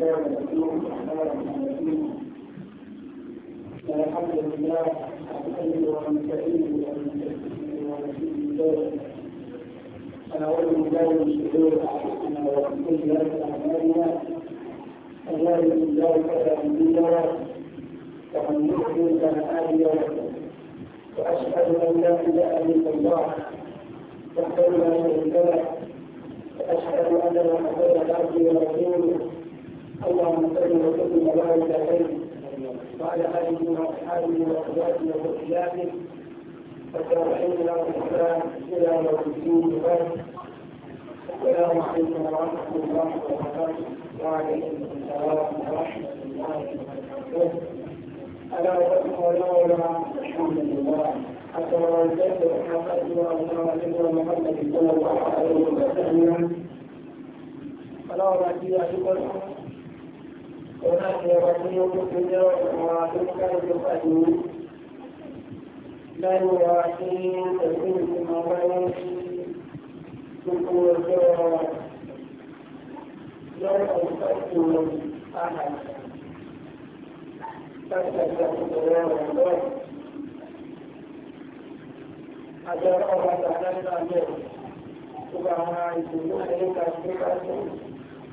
الله الرحيم الرحمن الرحيم الحمد لله نحمده ونستعينه ونستغفره ونتوب اليه ونعوذ بالله من شرور انفسنا ومن اعمالنا الله فلا مضل له ومن يضلل فلا هادي له واشهد ان لا اله الا الله وحده لا شريك له واشهد ان محمدا عبده ورسوله اللهم صل وسلم وبارك عليه وعلى اله واصحابه وازواجه وذرياته والتابعين لهم الاحسان الى يوم الدين وبارك السلام عليكم ورحمه الله وبركاته وعليكم السلام ورحمه الله وبركاته الا وسلم ولولا الحمد لله حتى وجدت حقائق الله محمد صلى الله عليه وسلم اللهم اجعل شكرا ونحن رسول الدنيا ومعادلك المسلمين لا يراحين تكون مريض تكون جوعا لو أنفقتم أحد فاستجبتم الله الله أجر الله تعالى أجر سبحانه وتعالى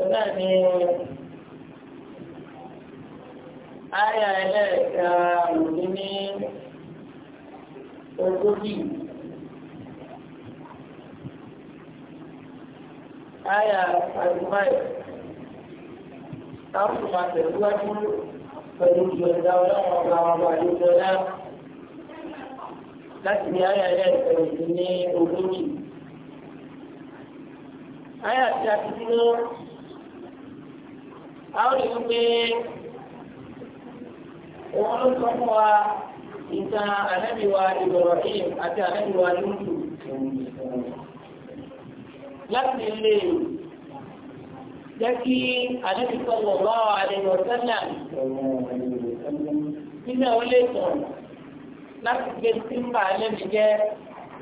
ọ̀nà ni àyà ẹlẹ́ẹ̀ka òní ní ogójì. Àyà àdúgbàyè táwọn tó máa tẹ̀síwájú pẹ̀lú ìjọba ọlọ́run ọba ọba àdúgbòlá láti ní àyà ẹlẹ́ẹ̀ka òní ní ogójì. Àyà tí a dúró àwọn ìlú pé òun ló sọ fún wa ìtàn ànábì wa Ibrahim àti ànábì wa lùdù láti lè jẹ́ kí ànábì sọ̀rọ̀ bá wa àdéhùn sẹ́nà nínú àwọn láti gbé símbà lẹ́nu jẹ́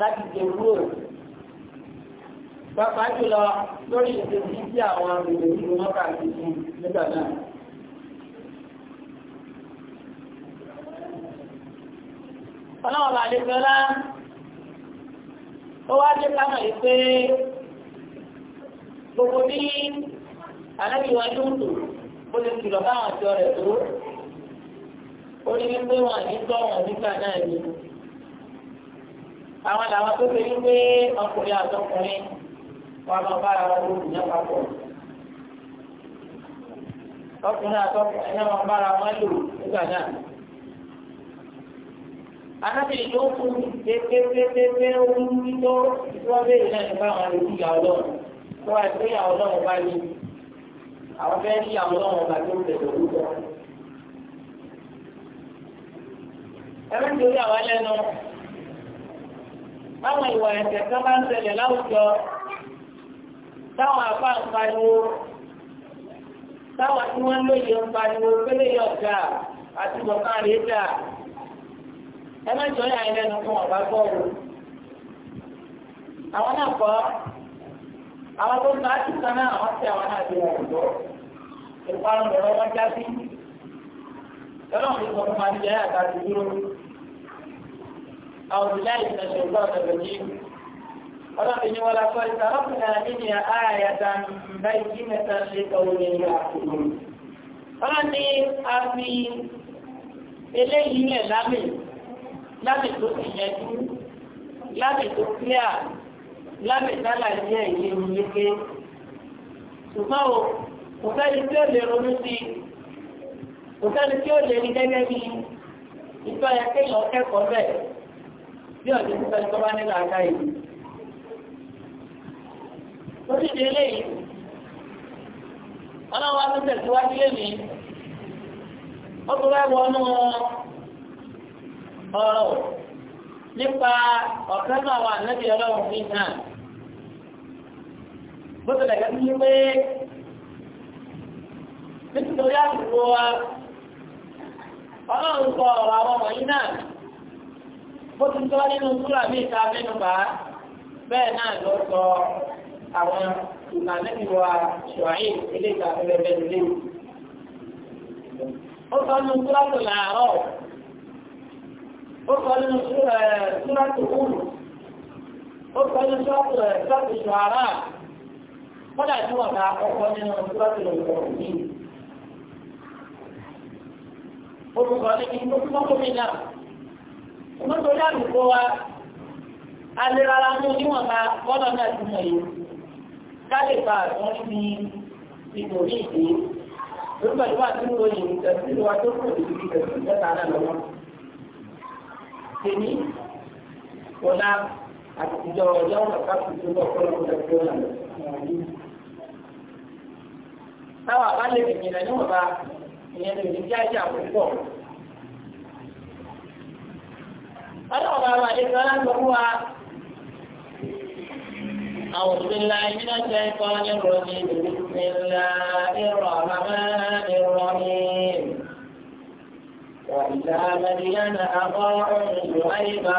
láti gbé kúrò. Bàbá jùlọ lórí ìṣẹ́jú tí àwọn agbègbè nínú mọ́kà ti fún nígbà náà. Ọlọ́run bá lè fẹ́lá, ó wá jẹ́ gbogbo ní alábìwá lóòtò bó lè kìlọ̀ báwọn àti ọ̀rẹ́ tó. Ó ní ní tọ́ wọn nígbà náà Àwọn làwọn tó wípé ọkùnrin àtọkùnrin. wọn a máa bá ara wọn lóògùn yẹn papọ̀. ọkùnrin àtọkùnrin ẹ̀yẹ́ máa bá ara wọn lò nígbà náà. Anábì ló fún pépépépépé ohun títọ́ ìtọ́bẹ̀rẹ̀ náà nípa àwọn àlejò ìyá ọlọ́run tó wà pé ìyá ọlọ́run bá yé àwọn fẹ́ẹ́ ní ìyá ọlọ́run bá tó tẹ̀lé orúkọ. ẹ̀rọ ìtòrí àwọn ẹlẹ́nu báwọn ìwà ẹ̀ṣẹ̀ kan bá ń ṣẹlẹ̀ láwùjọ táwọn àpá a pariwo táwọn tí wọ́n lóye ń pélé yọ̀ dà àti dà ẹ má jọ fún ọba àwọn náà àwọn tó ń bá ti náà wọ́n ti àwọn náà di ọ̀dọ́ ìparun lọ́wọ́ wọn já sí. lọ́nà mi sọ fún wa ní ẹ̀yà àti dúró. àwọn ṣe ń ọlọ́run ni wọ́n la kọ́ ìta ọkùnrin àmìnì àyàtà báyìí kí mẹ́ta ṣe kọ̀wé ní àkùnrin ọlọ́run ni a fi eléyìí lẹ̀ lámì lámì tó ti yẹjú lámì tó kíá lámì dálà ní ẹ̀yẹ ìyẹ́ké ṣùgbọ́n o kò sẹ́ni tí ó lè ronú sí kò sẹ́ni tí ó lè ìtọ́ ẹ̀kẹ́ yọ̀ kẹ́kọ̀ọ́ bí ọ̀dẹ̀ tó bá nílò àgbáyé lórí ìdí eléyìí ọlọ́wọ́ tó tẹ̀síwájú lẹ́nu ó tún wá wọnú ọ̀rọ̀ nípa ọ̀kan náà wà nẹ́bí ọlọ́run ní náà bó tilẹ̀ gẹ́gẹ́ bí pé nítorí àsìkò wa ọlọ́run kọ ọ̀rọ̀ àwọn wọ̀nyí náà bó ti tọ́ nínú súrà mí ìta mẹ́nu bá bẹ́ẹ̀ náà ló sọ àwọn ìmọ̀lẹ́bí wa ṣùgbọ́n ilé ìgbà pẹ̀lẹ́pẹ̀ lè. ó sọ nínú túrọ́tù làárọ̀ ó sọ nínú túrọ́tù kúrù ó sọ nínú túrọ́tù ṣùgbọ́n kọ́dà tí wọ́n ta ọkọ̀ nínú túrọ́tù lòkọ̀ yìí. orúkọ ní ìlú kó wa rárá náà ti mọ̀ yìí. káàdì pa àwọn ibi ipò ní ìpè lórúkọ ìwà tí mo yìn tẹ̀sí wa tó kù ní ibi tẹ̀sí mẹ́ta náà lọ́wọ́. Tèmi, Bọ́lá àtijọ́ ọjọ́ ọ̀pá tuntun lọ fún ọkọ̀ ẹgbẹ́ ọ̀la. Táwa bá lè dìbò ìlànà níwọ̀nba ìyẹn lè ní jájà púpọ̀. Ọlọ́run bá wà ní sọ́lá sọ fún wa. أعوذ بالله من الشيطان الرجيم بسم الله الرحمن الرحيم وإلى مدين أخاهم شعيبا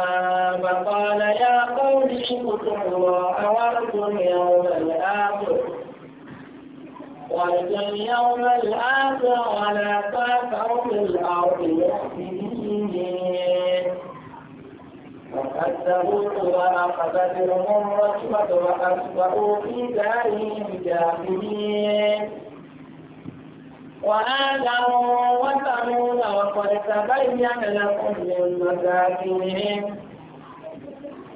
فقال يا قوم اعبدوا الله وارجوا اليوم الآخر وارجوا اليوم الآخر ولا تعثوا في الأرض مفسدين وكذبوه وأخذتهم الرجمة وأصبحوا في دارهم جاثمين وآدا وثمود وقد تبين لكم من مساكنهم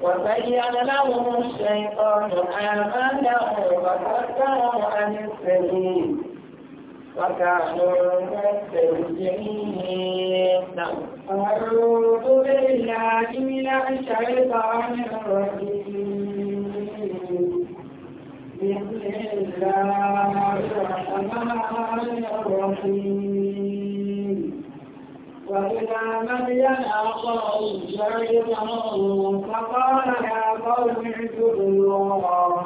وبين لهم الشيطان آمنه وفكروا عن السبيل وكانوا مستجدين أعوذ بالله من الشيطان الرجيم بسم الله الرحمن الرحيم وإلى مدين أخاهم شيطان فقال يا قوم اعبدوا الله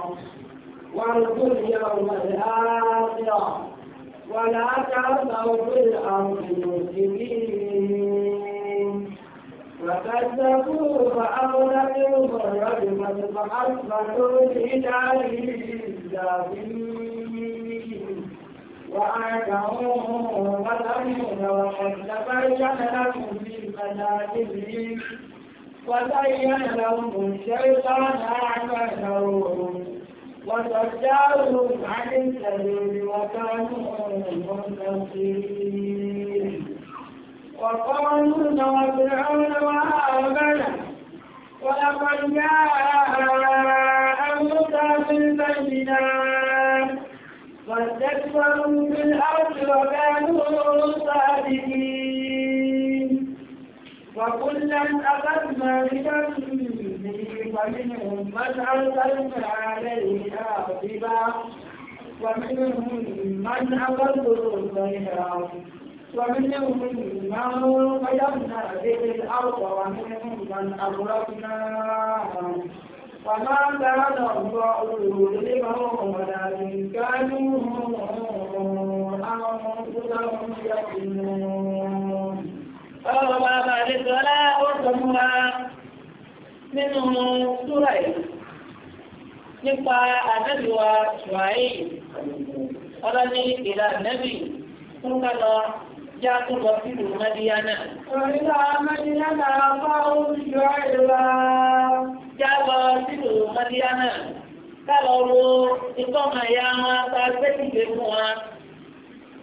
وارجوا اليوم الآخرة ولا تعثوا في الأرض مفسدين فكذبوا فأغرقوا الرجم فأصبحوا في دار الجاثمين وأعتموا ظلمون وقد تبين لهم في منازلهم وزين لهم الشيطان أعمالهم وصدارهم عن السبيل وكانوا منتصرين وقارون وفرعون وهامان ولقد جاء موسى بالبينات واستكبروا في الارض وكانوا صادقين وكلا اخذنا بذنبه فمنهم من أرسلنا عليه حاصبا ومنهم من أقل الطيران ومنهم من قيمنا به الأرض ومنهم من أغرقنا وما كان الله يظلمهم ولكن كانوا أنفسهم يظلمون. فهو ما بعد الصلاة والسلام nínú súrà yìí nípa àdẹ́lùwà ṣùwáyé ọlọ́ní ìlà nẹ́bì fún kálọ já tó lọ sí ìlú mẹ́díyánà. Òrìlà mẹ́díyánà bá olùjọ ìlà. Já lọ sí ìlú mẹ́díyánà kálọ wo ikọ́ máa yá wọn ta gbẹ́kìgbé fún wa.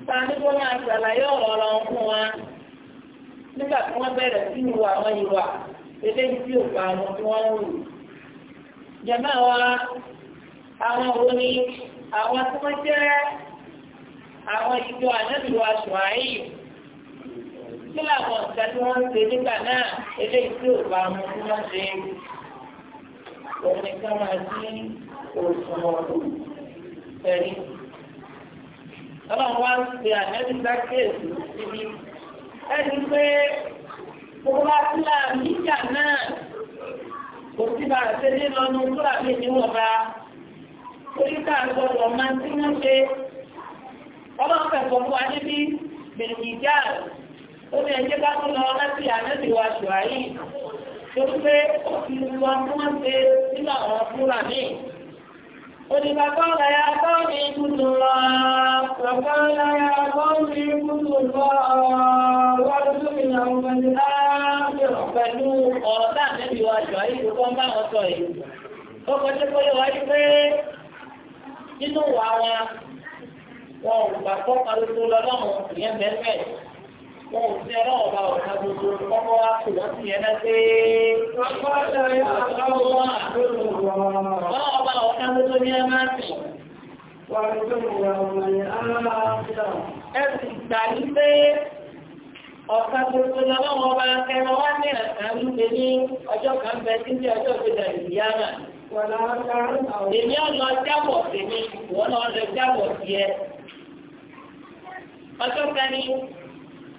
Ta ní kó máa ṣàlàyé ọ̀rọ̀ ọ̀rọ̀ fún wa. Nígbà tí wọ́n bẹ̀rẹ̀ sí ìwà wọn ìwà eléyìí tí ò pa àwọn tí wọ́n ń wù. jẹ̀mọ́ wa àwọn wo ni àwọn tí wọ́n jẹ́ àwọn ìjọ ànábìwá ṣùáyì kí làwọn ìgbà tí wọ́n ń ṣe nígbà náà eléyìí tí ò pa àwọn tí wọ́n ṣe òun ni ká máa sí òṣùwọ̀n pẹ̀lú. ọlọ́run wá ń pe ànábìwá kéèkì síbi ẹni pé kó wá sí àmìjà náà kò sí bá àṣẹlẹ̀ lọ́nu tó àbí ìníwọ̀nba torí ká gbọ́dọ̀ máa tí wọ́n ṣe ọlọ́run kẹ̀kọ́ fún wa níbi bèlìjà ó ní ẹjẹ́ bá tó lọ láti àmẹ́sì wa ṣùgbọ́n yìí tó pé ó fi wọn tí wọ́n ṣe nínú àwọn fúlàní. قد فقال wọn wọn ò gbà fọ́ kan lóko lọ́lọ́run ìyẹn bẹ́ẹ̀ Mo ò sí ọlọ́run ọba ọ̀sán gbogbo ọkọ̀ wa kò wọ́n pé. ọba ọ̀sán gbogbo ní ẹ máa sì. gbà ní pé ọ̀sán gbogbo ní ọlọ́run ọba ẹran wá ní ẹ̀sán lúgbe ní ọjọ́ kan bẹ sí ní ọjọ́ ìgbéjà ìyá Èmi ọ̀nà jábọ̀ tèmi, ìwọ́n náà lọ jábọ̀ tiẹ̀. Ọjọ́ kan ní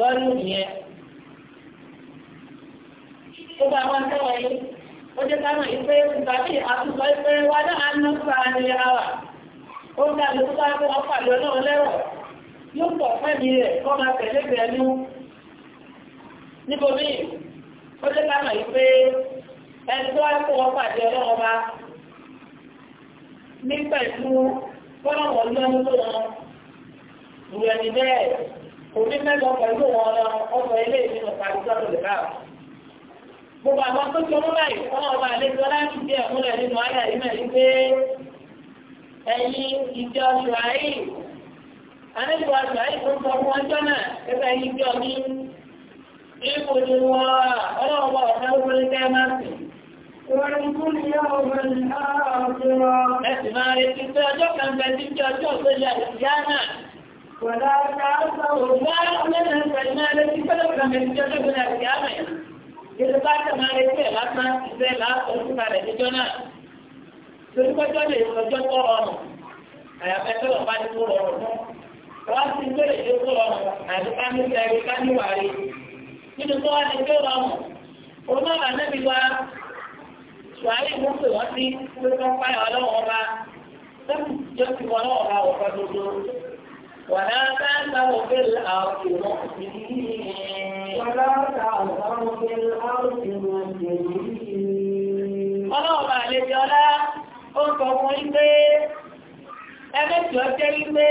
lọ́rí nìyẹn. ó bá wọn sọ̀rọ̀ yìí ó jẹ́ káwọn ìpè ìgbà tí àtúntò ìpè wa náà ń fa ni àwà ó ń dàbí tó bá fẹ́ wọn pàdé ọlọ́run lẹ́rọ̀ yóò pọ̀ fẹ́mi rẹ̀ kọ́ máa tẹ̀lé bẹ̀ẹ́nu níbomi ó jẹ́ káwọn ìpè ẹni tó wá fẹ́ wọn pàdé ọlọ́run bá ní pẹ̀lú fọ́nà wọn lọ́wọ́ lọ́wọ́ ìrẹ̀lẹ̀ bẹ́ẹ̀. onímẹ́jọ pẹ̀lú wọn lọ ọmọ ilé ìdílé akwụkwọ sọ́dọ̀ lè bá wọn. gbogbo àwọn tó ti ọdún báyìí wọn ọba àlejò láti di ẹ̀kúnlẹ̀ nínú ayé àyíká yìí pé ẹ̀yin àlejò tó ń fún ọjọ́ náà ẹgbẹ́ ẹ̀yin ni ọlọ́wọ́ tẹ́ Ẹ̀sìn máa retí pé ọjọ́ kan ولا تعثوا لا لنا سلنا التي سلكنا من جنب القيامة إذا بعد ما لسه لا ما لسه لا تسمع لجنا سلوك جنا يسجد قرآن أيا بتر بعد قرآن وأنت تقول قرآن هذا كان يسأل كان يواري من قرآن قرآن وما النبي قال سؤالي ممكن وأنت تقول كم قال الله وما كم جت ولا وما وكذا ولا تعثروا في الأرض مفسدين ولا تعثروا في الأرض مفسدين ọlọ́run máa lè jọ ọlá ó sọ fún ilé ẹgbẹ́ tí ó jẹ́ ilé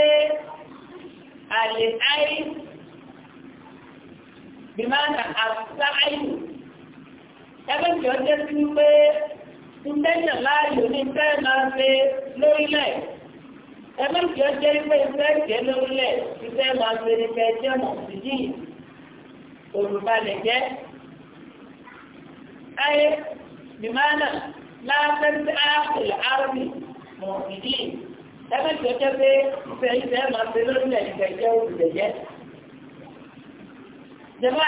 àlè áì bìmánà àtàì ẹgbẹ́ tí ó jẹ́ sí ilé ń tẹ́yàn láàyò ní tẹ́ẹ̀ máa ṣe lórílẹ̀ ẹlẹ́jọ́ jẹ́ pé ìfẹ́ jẹ́ lórílẹ̀ ìfẹ́ máa fèrè fẹ́ jẹ́ mọ̀ sí yìí olùbalẹ̀ jẹ́ ayé bìmánà láàbẹ̀tẹ̀ àpèlè àrùbí mọ̀ sí yìí ẹlẹ́jọ́ jẹ́ pé ìfẹ́ ìfẹ́ máa fèrè lórílẹ̀ ìfẹ́ jẹ́ olùbalẹ̀ jẹ́. jẹ́mà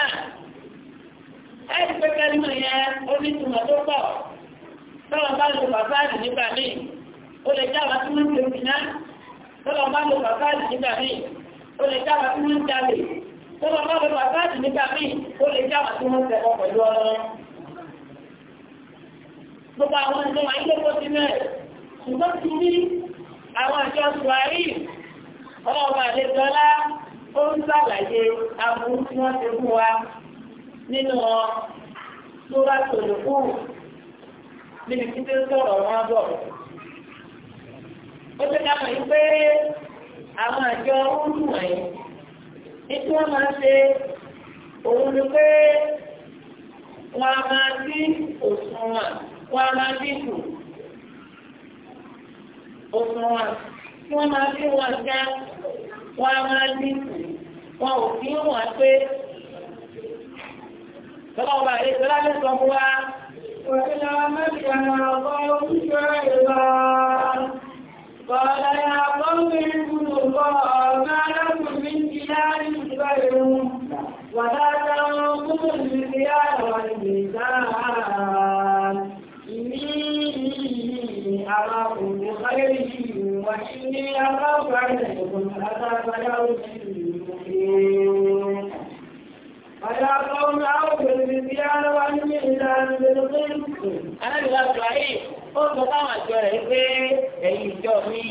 ẹ̀rí pé kẹ́lìmọ̀ yẹn onítùmọ̀ tó pọ̀ tọ́wọ́ bá lò bàbá àdìníbà míì ó lè já wa tí wọ́n ti rú iná tọ́lọ̀ bá lọ bàbáàdì nígbà míì ó lè jáwà tí wọ́n tẹ̀kọ́ pẹ̀lú ọlọ́run gbogbo àwọn ìlú ayélujára ti mẹ́rẹ̀ ṣùgbọ́n ti ní àwọn àjọ ṣùwárí ọlọ́ọ̀bà àlejọ́lá ó ń sàlàyé aburú tí wọ́n ti ó ti ká mọ̀ yí pé àwọn àjọ oúnjẹ wọ̀nyí ní tí wọ́n máa ṣe òun ni pé wọ́n a máa dín òṣùwọ̀n wọ́n a máa dínkù òṣùwọ̀n tí wọ́n máa dín wọn já wọ́n a máa dínkù wọn ò dín wọn pé lọ́wọ́ bá yẹ kí lábẹ́ sọ fún wa. Wọ́n ti lọ mẹ́ta ọgọ́rùn-ún ṣẹ́ ìlọ. قال يا قوم اعبدوا الله ما لكم من إله غيره ولا تنقضوا المكيال والميزان إني أراكم بخير وإني أخاف عليكم عذاب يوم محيط ويا قوم أوفوا المكيال والميزان بالقسط أنا صحيح ó sọ fáwọn àjọ rẹ̀ pé ẹ̀yin ìjọ mi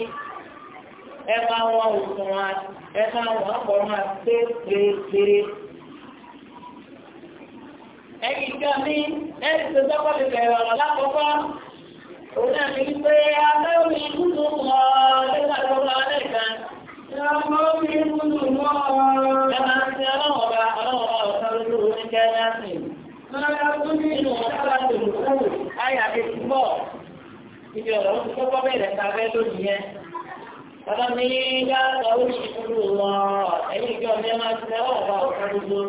ẹ wọn òkun wa ẹ wọn pé pérépéré. ẹ̀yin ìjọ mi ẹ ti sọ́kọ́ bẹ̀rẹ̀ ọ̀rọ̀ lákòókò òun náà kúndùn mọ́ tó bá wà kúndùn mọ́ ẹ máa ń ọlọ́wọ́ ọlọ́wọ́ ọ̀sán lójú oníkẹ́ sìn. Mọ́lá ní ti bọ̀. ibi ọ̀rọ̀ ń kọ́kọ́ bẹ̀rẹ̀ ta fẹ́ lónìí yẹn. Bàbá mi dáàbà ó ṣe kúrò lọ ẹ̀yìn ìjọ mi máa ti lẹ́wọ̀ ọ̀gá ọ̀gá gbogbo.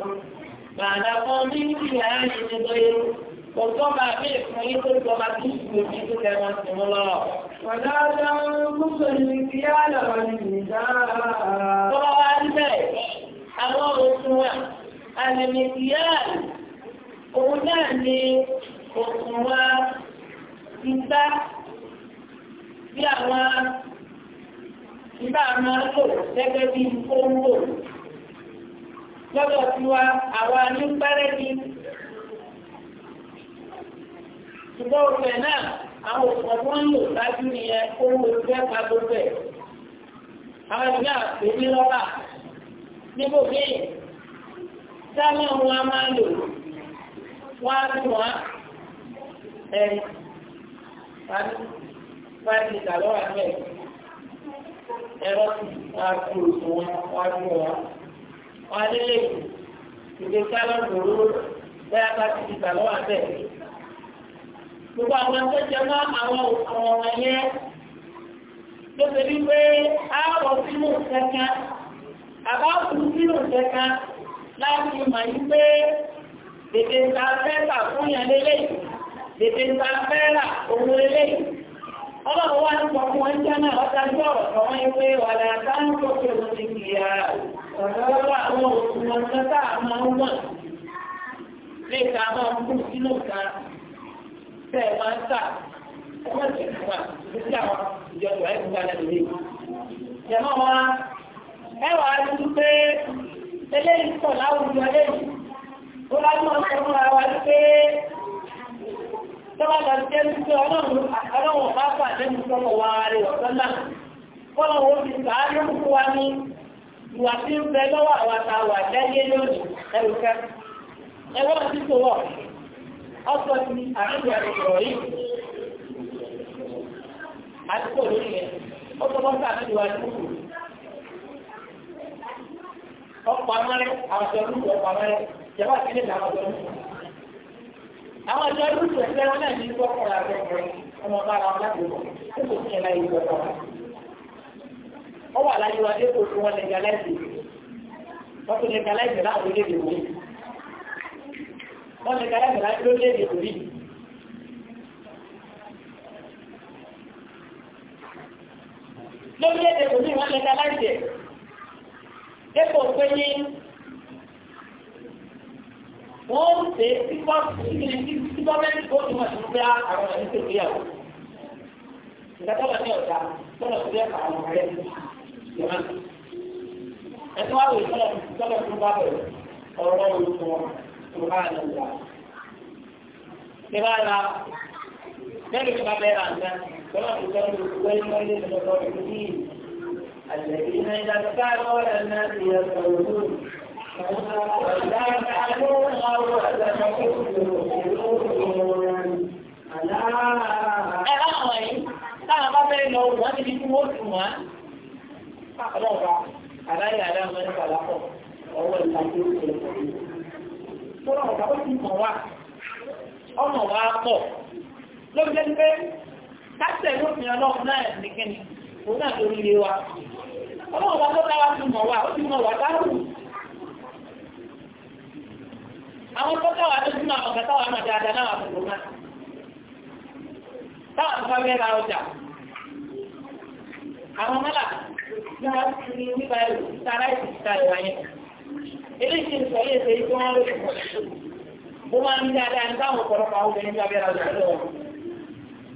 Màdà kan ní kí ìyára ṣe ti lóye kò tó máa bí ìfún yín tó tọ́ máa bí ìfún yín tó tẹ́ wọn sí mú lọ. Wàdáàdá ń kúkọ̀ ní kí á lọ́wọ́ ní ìdára. Tọ́wọ́ wá ń bẹ̀rẹ̀ àwọn òṣùn wa àlẹ́mẹ̀kìyáàlì òun náà ni òṣùn wa ti dá bí àwọn ìbá máa ń lò gẹ́gẹ́ bí ó ń lò. Lọ́dọ̀ tiwa, àwa ní pẹ́rẹ́dì. Ṣùgbọ́n òfẹ́ náà, àwọn òṣùwọ̀n tó ń lò lájú nìyẹn owó ìfẹ́ pa gbogbo ẹ̀. Àwọn ìgbà pè ní rọ́bà níbo bíi sáwọn ohun a máa lò wá sí wọn five litre lọ́wọ́ àgbẹ̀ ẹ̀rọ ti àpò òṣùwọ̀n wọn ní wọn. wọn á nílé ìdè kálọ̀tì òróró bẹ́ẹ̀ bá ti litre lọ́wọ́ àgbẹ̀. gbogbo àwọn ẹgbẹ́ jẹ mọ́ àwọn ọ̀rọ̀ yẹn ló ṣe bí pé àárọ̀ sínú kẹ̀kẹ́ àbá òkú sínú kẹ̀kẹ́ láti mọ̀ yí pé dèdè ta fẹ́ tà fún yẹn lélẹ̀ dèdè ta fẹ́ rà òun lélẹ̀ ọlọ́run wá ní pọ̀kún wọn jẹ́ náà ọ̀tá jẹ́ ọ̀rọ̀ kan wọ́n wé wà láàá ń tó pé mo ti kìíyà ọ̀rọ̀ àwọn òṣùwọ̀n kan tá a máa ń mọ̀ lè ta máa ń kú sínú kan tẹ́ ẹ máa ń tà ọmọ ìṣẹ̀ fún wa ní sí àwọn ìjọba ẹ̀ fún wa lẹ́nu lé. Ìjọba wa ẹ wà á tún pé eléyìí pọ̀ láwùjọ lẹ́yìn ó lájú ọ̀sẹ̀ fún tọ́lá ga jẹ́ wípé ọlọ́run bá bà lẹ́nu sọ́mọ̀ wa rẹ̀ ọ̀sánná kọ́lọ̀ wo fi sàárẹ̀ fún wa ní ìwà tí ń bẹ lọ́wọ́ àwọn àtàwà lẹ́yẹ lónìí ẹrùkẹ́ ẹwọ́n ti tó wọ̀ ọ̀sọ̀ ti àrùn ìyàrá yìí àti kò lórí rẹ̀ ó tọ́ bọ́sà àti ìwà ìlú ọ̀pọ̀ amẹ́rẹ́ àwọn ọ̀sẹ̀ olùkọ́ ọ̀pọ̀ amẹ́rẹ́ jẹ́wọ́ àti àwọn ìjọ irú ìjọ ìjọ wọn náà ní ìjọ kọra àgbẹ̀kọ̀rẹ́ ọmọ bá ara wọn lágbègbè tó kò sí ẹ̀la ìjọ kọra. ó wà láyé wa dé kó fún wọn lẹ́gà wọ́n ń ṣe pípọ́ ìgbìlẹ̀ tí pípọ́ mẹ́rin tó ti mọ̀ sí pé àwọn ẹni tó gbé yàwó. ìdájọba ní ọ̀dà tọ́lọ̀ sí ẹ̀ka àwọn ọ̀rẹ́ ìjọba. ẹ̀sùn àwọn ìtọ́lọ̀ tọ́lọ̀ tó bá bẹ̀rẹ̀ ọ̀rọ̀ olùkọ́ tó bá lọ ṣé bá ra bẹ́ẹ̀ ló bá bẹ́ẹ̀ rà nǹkan tọ́lọ̀ tó tọ́lọ̀ tó wẹ́lẹ́ Ẹ̀rọ àwọn yìí, táwọn bá bẹ́rẹ̀ lọ wọ́n ti fi kúrò tún wá. Pàpàlọ́ ọ̀gá, àdáyé àdáyé ọmọ ẹ̀fà lápọ̀, ọwọ́ ìlà tí ó ṣe lọ. Tọ́lọ̀ ọ̀gá ó ti mọ̀ wá, ọmọ wa pọ̀. Ló jẹ́ pé kásẹ̀ lófin ọlọ́run náà nìkan ni, òun náà lórí ilé wa. Ọlọ́run wa tó dáwà ti àwọn kọ́kọ́wà tó sínú àwọn kọ́kọ́wà náà dáadáa náà àbùkù náà táwọn tó bá ra ọjà àwọn mọ́là tí ní nípa ẹ̀rù tara ìsìn ìta ìwà yẹn eléyìí ti sọ yé ṣe tó wọ́n lè pọ̀ bó máa ń dáadáa ní táwọn ọ̀pọ̀lọpọ̀ àwọn obìnrin tó abẹ́ra ọjà lọ́wọ́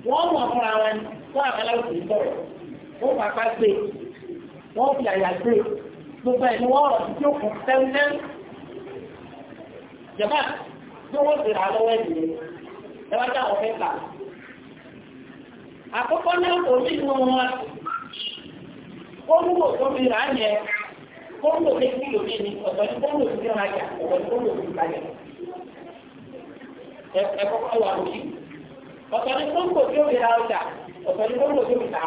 wọ́n mọ̀ fúnra wọn fún àbálá òsì ń bọ̀ wọ́n pàpà gbé wọ́n fi àyà gbé gbogbo ẹ̀ jẹ̀mọ́ bí wọ́n ti rà lọ́wọ́ ẹ̀dìyẹ ẹwà táwọn fẹ́ kà. Àkọ́kọ́ náà kò ní inú wọn. Kóńgò tó fi rà yẹn, kóńgò lé kílò ní ní ọ̀dọ̀ ní kóńgò tó fi rà yà, ọ̀dọ̀ ní kóńgò tó fi rà yà. Ẹ̀kọ́kọ́ wà lórí. Ọ̀dọ̀ ní kóńgò tó fi rà ọjà, ọ̀dọ̀ ní kóńgò tó fi rà.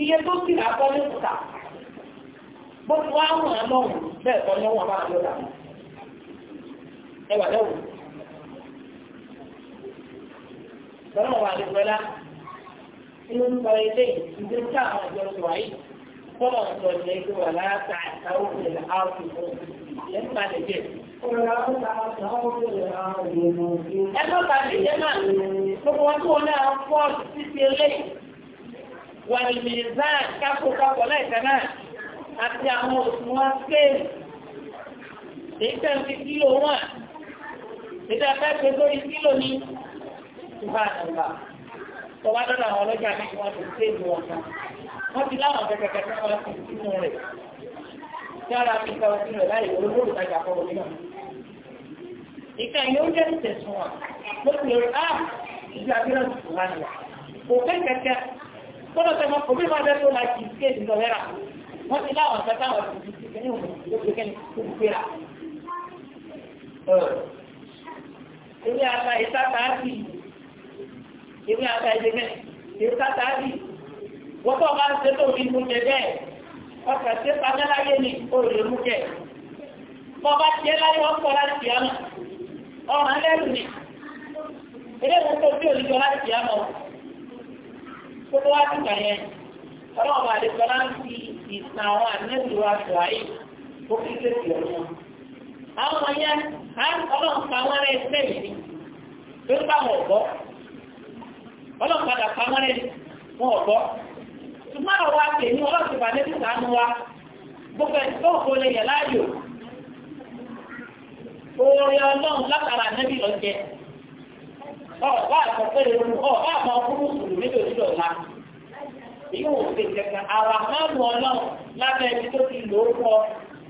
Iye tó sì rà kọ́ ní kùtà. Bó ti wá wọ̀n lọ́wọ́ bẹ́ẹ̀ kọ́ ní wọ́n bá lọ́dà ẹwà lẹ́wù. Sọ́nà wà lè gbọ́lá inú ń sọ ilé ìdí ká àwọn ìjọ tó wáyé fọ́nà ọ̀sọ̀ ilé tó wà láàkà àwọn òkè àwọn òkè ẹ̀ ń balẹ̀ jẹ́. Ẹ má balẹ̀ jẹ́ náà gbogbo wọn tó wọn náà fọ́ títí eléyìí wà ní kápò kápò lẹ́ẹ̀kan náà àti àwọn òṣùwọ̀n skéèlì èyí tẹ̀ ń fi kílò wọn nígbà fẹ́ pé lórí kílò ní ìfà tó wá dọ́dọ̀ àwọn ọlọ́jà ní wọ́n ti ṣe ìlú ọ̀gá wọ́n ti láwọn kẹ̀kẹ́ tó wọ́n ti sínú rẹ̀ tí ara mi sọ sí rẹ̀ láì olówó ìtajà fọwọ́ mi náà. ìka yóò jẹ́ ìtẹ̀sùn wọn ló ti lórí á ah, ìdí abílẹ̀ tuntun wá nìyà kò fẹ́ kẹ̀kẹ́ tẹ́ wọn kò bí wọn tó la kì ṣe ìlú ọ̀rẹ́ra wọ́n ti láwọn kẹ̀kẹ́ àwọn ìtẹ̀sùn ewé ata ìsátàábì ewé ata ìdẹ́gẹ́ ìsátàábì wọ́n tó bá ń ṣe tó fi mú jẹ bẹ́ẹ̀ ọkà ṣe pamẹ́ láyé ni ó lè mú jẹ bọ́ bá tiẹ́ láyé wọ́n kọ́ láti tìá mọ̀ ọ̀ràn lẹ́rù ni eléyìí tó bí olùjọ láti tìá mọ̀ tó tó wá ti gbà yẹn ọlọ́run àdéjọ láti ìsìn àwọn àdínẹ́bí wa ṣùgbọ́n ó fi ṣe tì ọ̀run àwọn ọmọ yẹn á ọlọ́run pa ṣe ìdí tó ń bá wọn ọ̀gbọ́ ọlọ́run padà pa wọ́n wọn ọ̀gbọ́ ṣùgbọ́n àwa tèmi ọlọ́run lẹ́sìn wa gbogbo tó kò lè yẹ láàyò oore ọlọ́run látara nẹ́bí ọ̀pá àkọ́kọ́ ọ̀pá àmọ́ ọkùnrin àwọn àmọ́ ọlọ́run lábẹ́ ẹni tó ti lò ó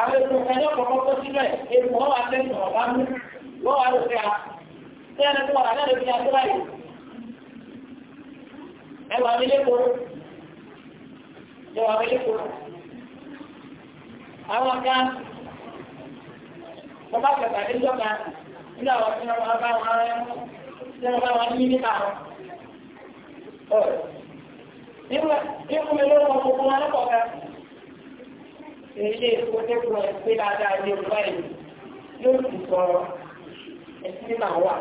àwọn ètò ẹjọ́ kọ̀ọ̀kan tó síbẹ̀ ètò wọn wà fẹ́ sọ̀rọ̀ bá mú wọ́n wà ló fẹ́ a tí ẹni tó wà láti fi àtúrà báyìí ẹ wà nílé kó ẹ wà nílé kó àwọn kan wọ́n bá kẹta níjọ́ kan nígbà wọn tí wọ́n bá wọn tí wọ́n bá wọn ní níta wọn. Nígbà tí wọ́n mi lọ́wọ́ gbogbo wọn lọ́kọ̀ọ̀kan ilé ìfowópamọ́ ẹgbẹ́ dáadáa ilé ìfowópamọ́ ẹ̀yìn yóò ti sọ ẹ̀sìn náà wà.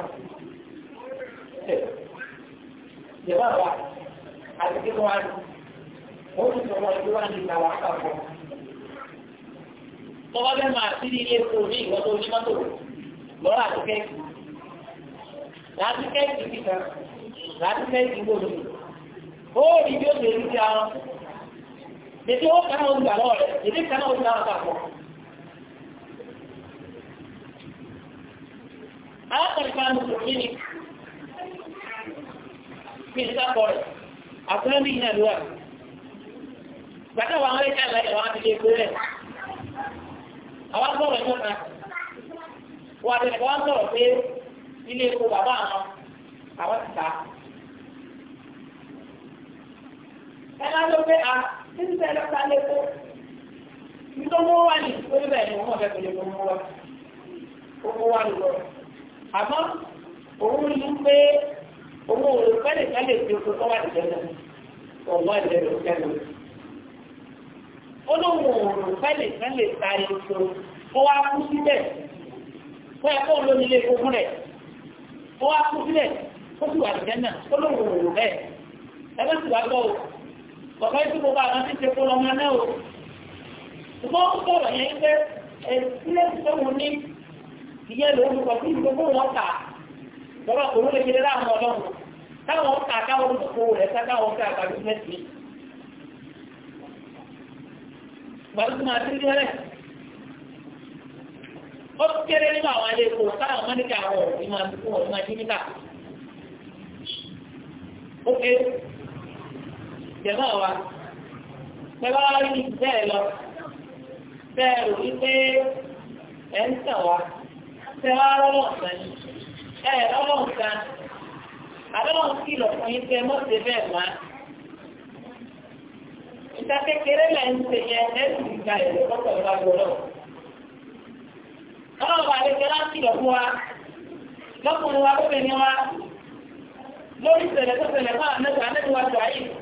Ìjọba wa àti kí wọ́n á wọ́n ti sọ wọ́n ti ní ìgbà wà kàkọ́. Tọ́wọ́ bẹ́ẹ̀ máa sí ní ilé ìfowópamọ́ ní ìwọ́n tó ní mọ́tò lọ́rọ̀ àti kẹ́kì. Láti kẹ́kì kíkan, láti kẹ́kì gbòòrò. Ó rí bí ó ṣe rí sí àwọn. Bèbí ó kaná ojú àlọ́ rẹ̀, bèbí kaná ojú àwọn àpapọ̀. Alákọ̀ọ́lùkọ́ àmùsùlùmí ni, bí i sápọ̀ rẹ̀, àkúrẹ́ bí iná lúwà. Gbàtà wà wọ́n ẹ̀kẹ́ àbáyé àwọn àti ẹgbẹ́ rẹ̀. Àwọn sọ̀rọ̀ ẹ̀kọ́ kan, wà tẹ̀lẹ̀ wọ́n sọ̀rọ̀ pé ilé epo bàbá àwọn, àwọn ti ta. Ẹ máa ló pé a ah, títí bẹ́ẹ̀ lọ́ta lẹ́kọ́ nítorí wọ́n wá ní oníbẹ̀ ni wọ́n fẹ́ pẹ̀lú owó wa owó wa lọ àmọ́ òun ní pé owó olùkọ́lẹ̀kọ́lẹ̀ fi oko kọ́ wà ní jẹ́lẹ̀ ọ̀gbọ́n ìjẹ́lẹ̀ òkèlè olóhùn olùkọ́lẹ̀kọ́lẹ̀ ta èso ó wá kú síbẹ̀ ó yẹ kó olónílé ogún rẹ̀ ó wá kú síbẹ̀ ó sì wà ní jẹ́lẹ̀ olóhùn olùkọ́lẹ̀ ẹgbẹ́ sì wá gbọ́ bàbá yìí tí mo bá àwọn tí ń ṣe fún ọmọ náà o ṣùgbọ́n ó sọ̀rọ̀ yẹn pé ẹ̀sílẹ̀ tí mo ní ìyẹn ló ń kọ́ sí gbogbo wọn kà bàbá kò ló lè kéré láàrin ọlọ́run táwọn kà káwọn olùdókòwò rẹ̀ sá káwọn kà àgbàdo mẹ́sì gbàdúgbò máa ti rí rẹ̀ ó kéré nínú àwọn ilé ìkó táwọn mọ́nìkà àwọn òbí máa ń kó ọ̀rọ̀ jẹ̀mọ́ wa pẹ̀lú àwọn ìṣẹ́ ẹ̀ lọ bẹ́ẹ̀ rò wípé ẹ̀ ń tàn wá tẹ̀wá lọ́wọ́ ọ̀sán ẹ̀ lọ́wọ́ ọ̀sán àlọ́wọ́ ń kìlọ̀ fún yín pé mọ́tẹ́ bẹ́ẹ̀ má. ìta kékeré lẹ́ ń ṣe yẹn lẹ́sìn ìgbà ìlú lọ́pọ̀ ìgbà gbọ́dọ̀. ọlọ́wọ́ bá lè fẹ́ láti lọ fún wa lọ́kùnrin wa lóbìnrin wa lórí ìṣẹ̀lẹ̀ tó ṣẹlẹ̀ fún àwọn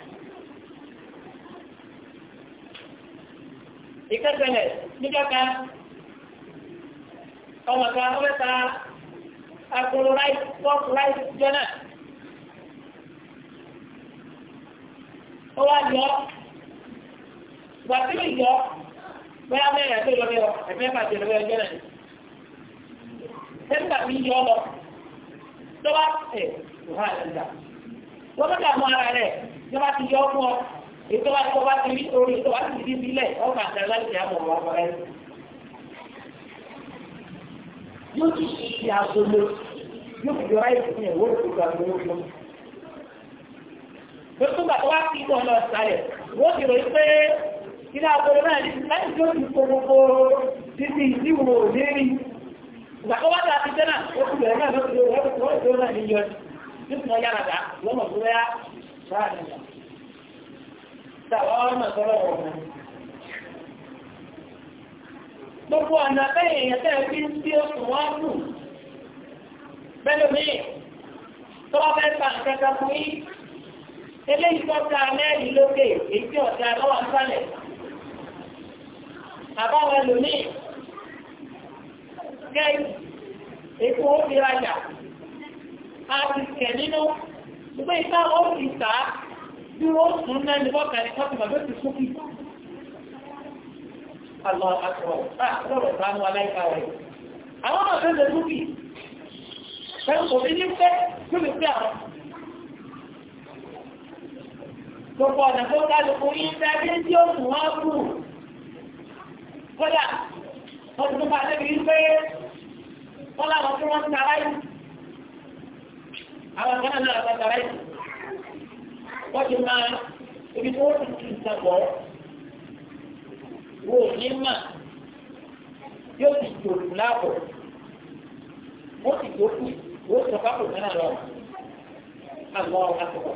ìkẹ́sẹ̀lẹ̀ níjọ́ka ọmọ kan ó fẹ́ ta akoro ráìsì pọ́ọ̀pù ráìsì jọ́nà ó wá yọ ìgbà tí ó yọ bóyá mẹ́rin àti ìlọ́bẹ̀ ọ ẹ̀fẹ́ pàṣẹ ìlọ́bẹ̀ ọ jọ́nà nígbà tí yọ lọ tó bá ẹ̀ wọ́n bá ti yọ fún ọ ètò wa tó bá ti rí orí tó bá ti rí sílẹ̀ wọ́n máa tẹ̀lé láti àmọ̀ wọn fẹ́. yóò ti ṣe àgolo yóò fi yọra ìfún yẹn wọ́n ti gbà lórí lọ. lóṣù bàtà wá sí ìbọn lọ sálẹ̀ wọ́n ti rò pé ilé àgolo náà ní láti tó ti kó gbogbo títí ìdíwò lérí. ìgbà tó wá sí àti jẹ́ náà ó ti bẹ̀rẹ̀ náà lọ́sọ̀rọ̀ wọ́n ti tó náà níyọ nípa yàrá dá lọ́mọ̀ tó yá sáà nìyà. Gbogbo ọ̀nà bẹ́ẹ̀ èèyàn tẹ́ẹ̀ fi ń tí ó sùn wá nù. Bẹ́lómi, tó wá fẹ́ pa ìkẹta fún yí, eléyìí tó ta mẹ́rin lókè, èyí tí ọ̀tá lọ́wọ́ ń sálẹ̀. Àbáwọn ẹlòmí, gẹ́gẹ́ èkó ó fi rajà, a ti kẹ̀ nínú, gbogbo ìta ó fi sàá tí wọ́n sùn náà ní bọ́ọ̀kà ní kọ́tù bàbá ti sókè. Àlọ́ àtọ̀ àtọ̀rọ̀ bá ń wá láìka rẹ̀. Àwọn ọ̀dọ́ lè lókè. Bẹ́ẹ̀ kò ní ní fẹ́ kí ló fẹ́ àwọn. Gbogbo ọ̀nà tó kálukú yín fẹ́ bí tí ó sùn wọ́n kù. Kódà, wọ́n ti tún bá débi pé wọ́n láwọn tí wọ́n ń tara yìí. Àwọn kan náà lọ́ọ́ wọ́n ti máa ibi tí wọ́n ti ti sàbọ̀ wo ní mà yóò ti jòlù láàbò wọ́n ti jókòó wọ́n ti sọ̀kà kò náà lọ àwọn akọ̀kọ̀.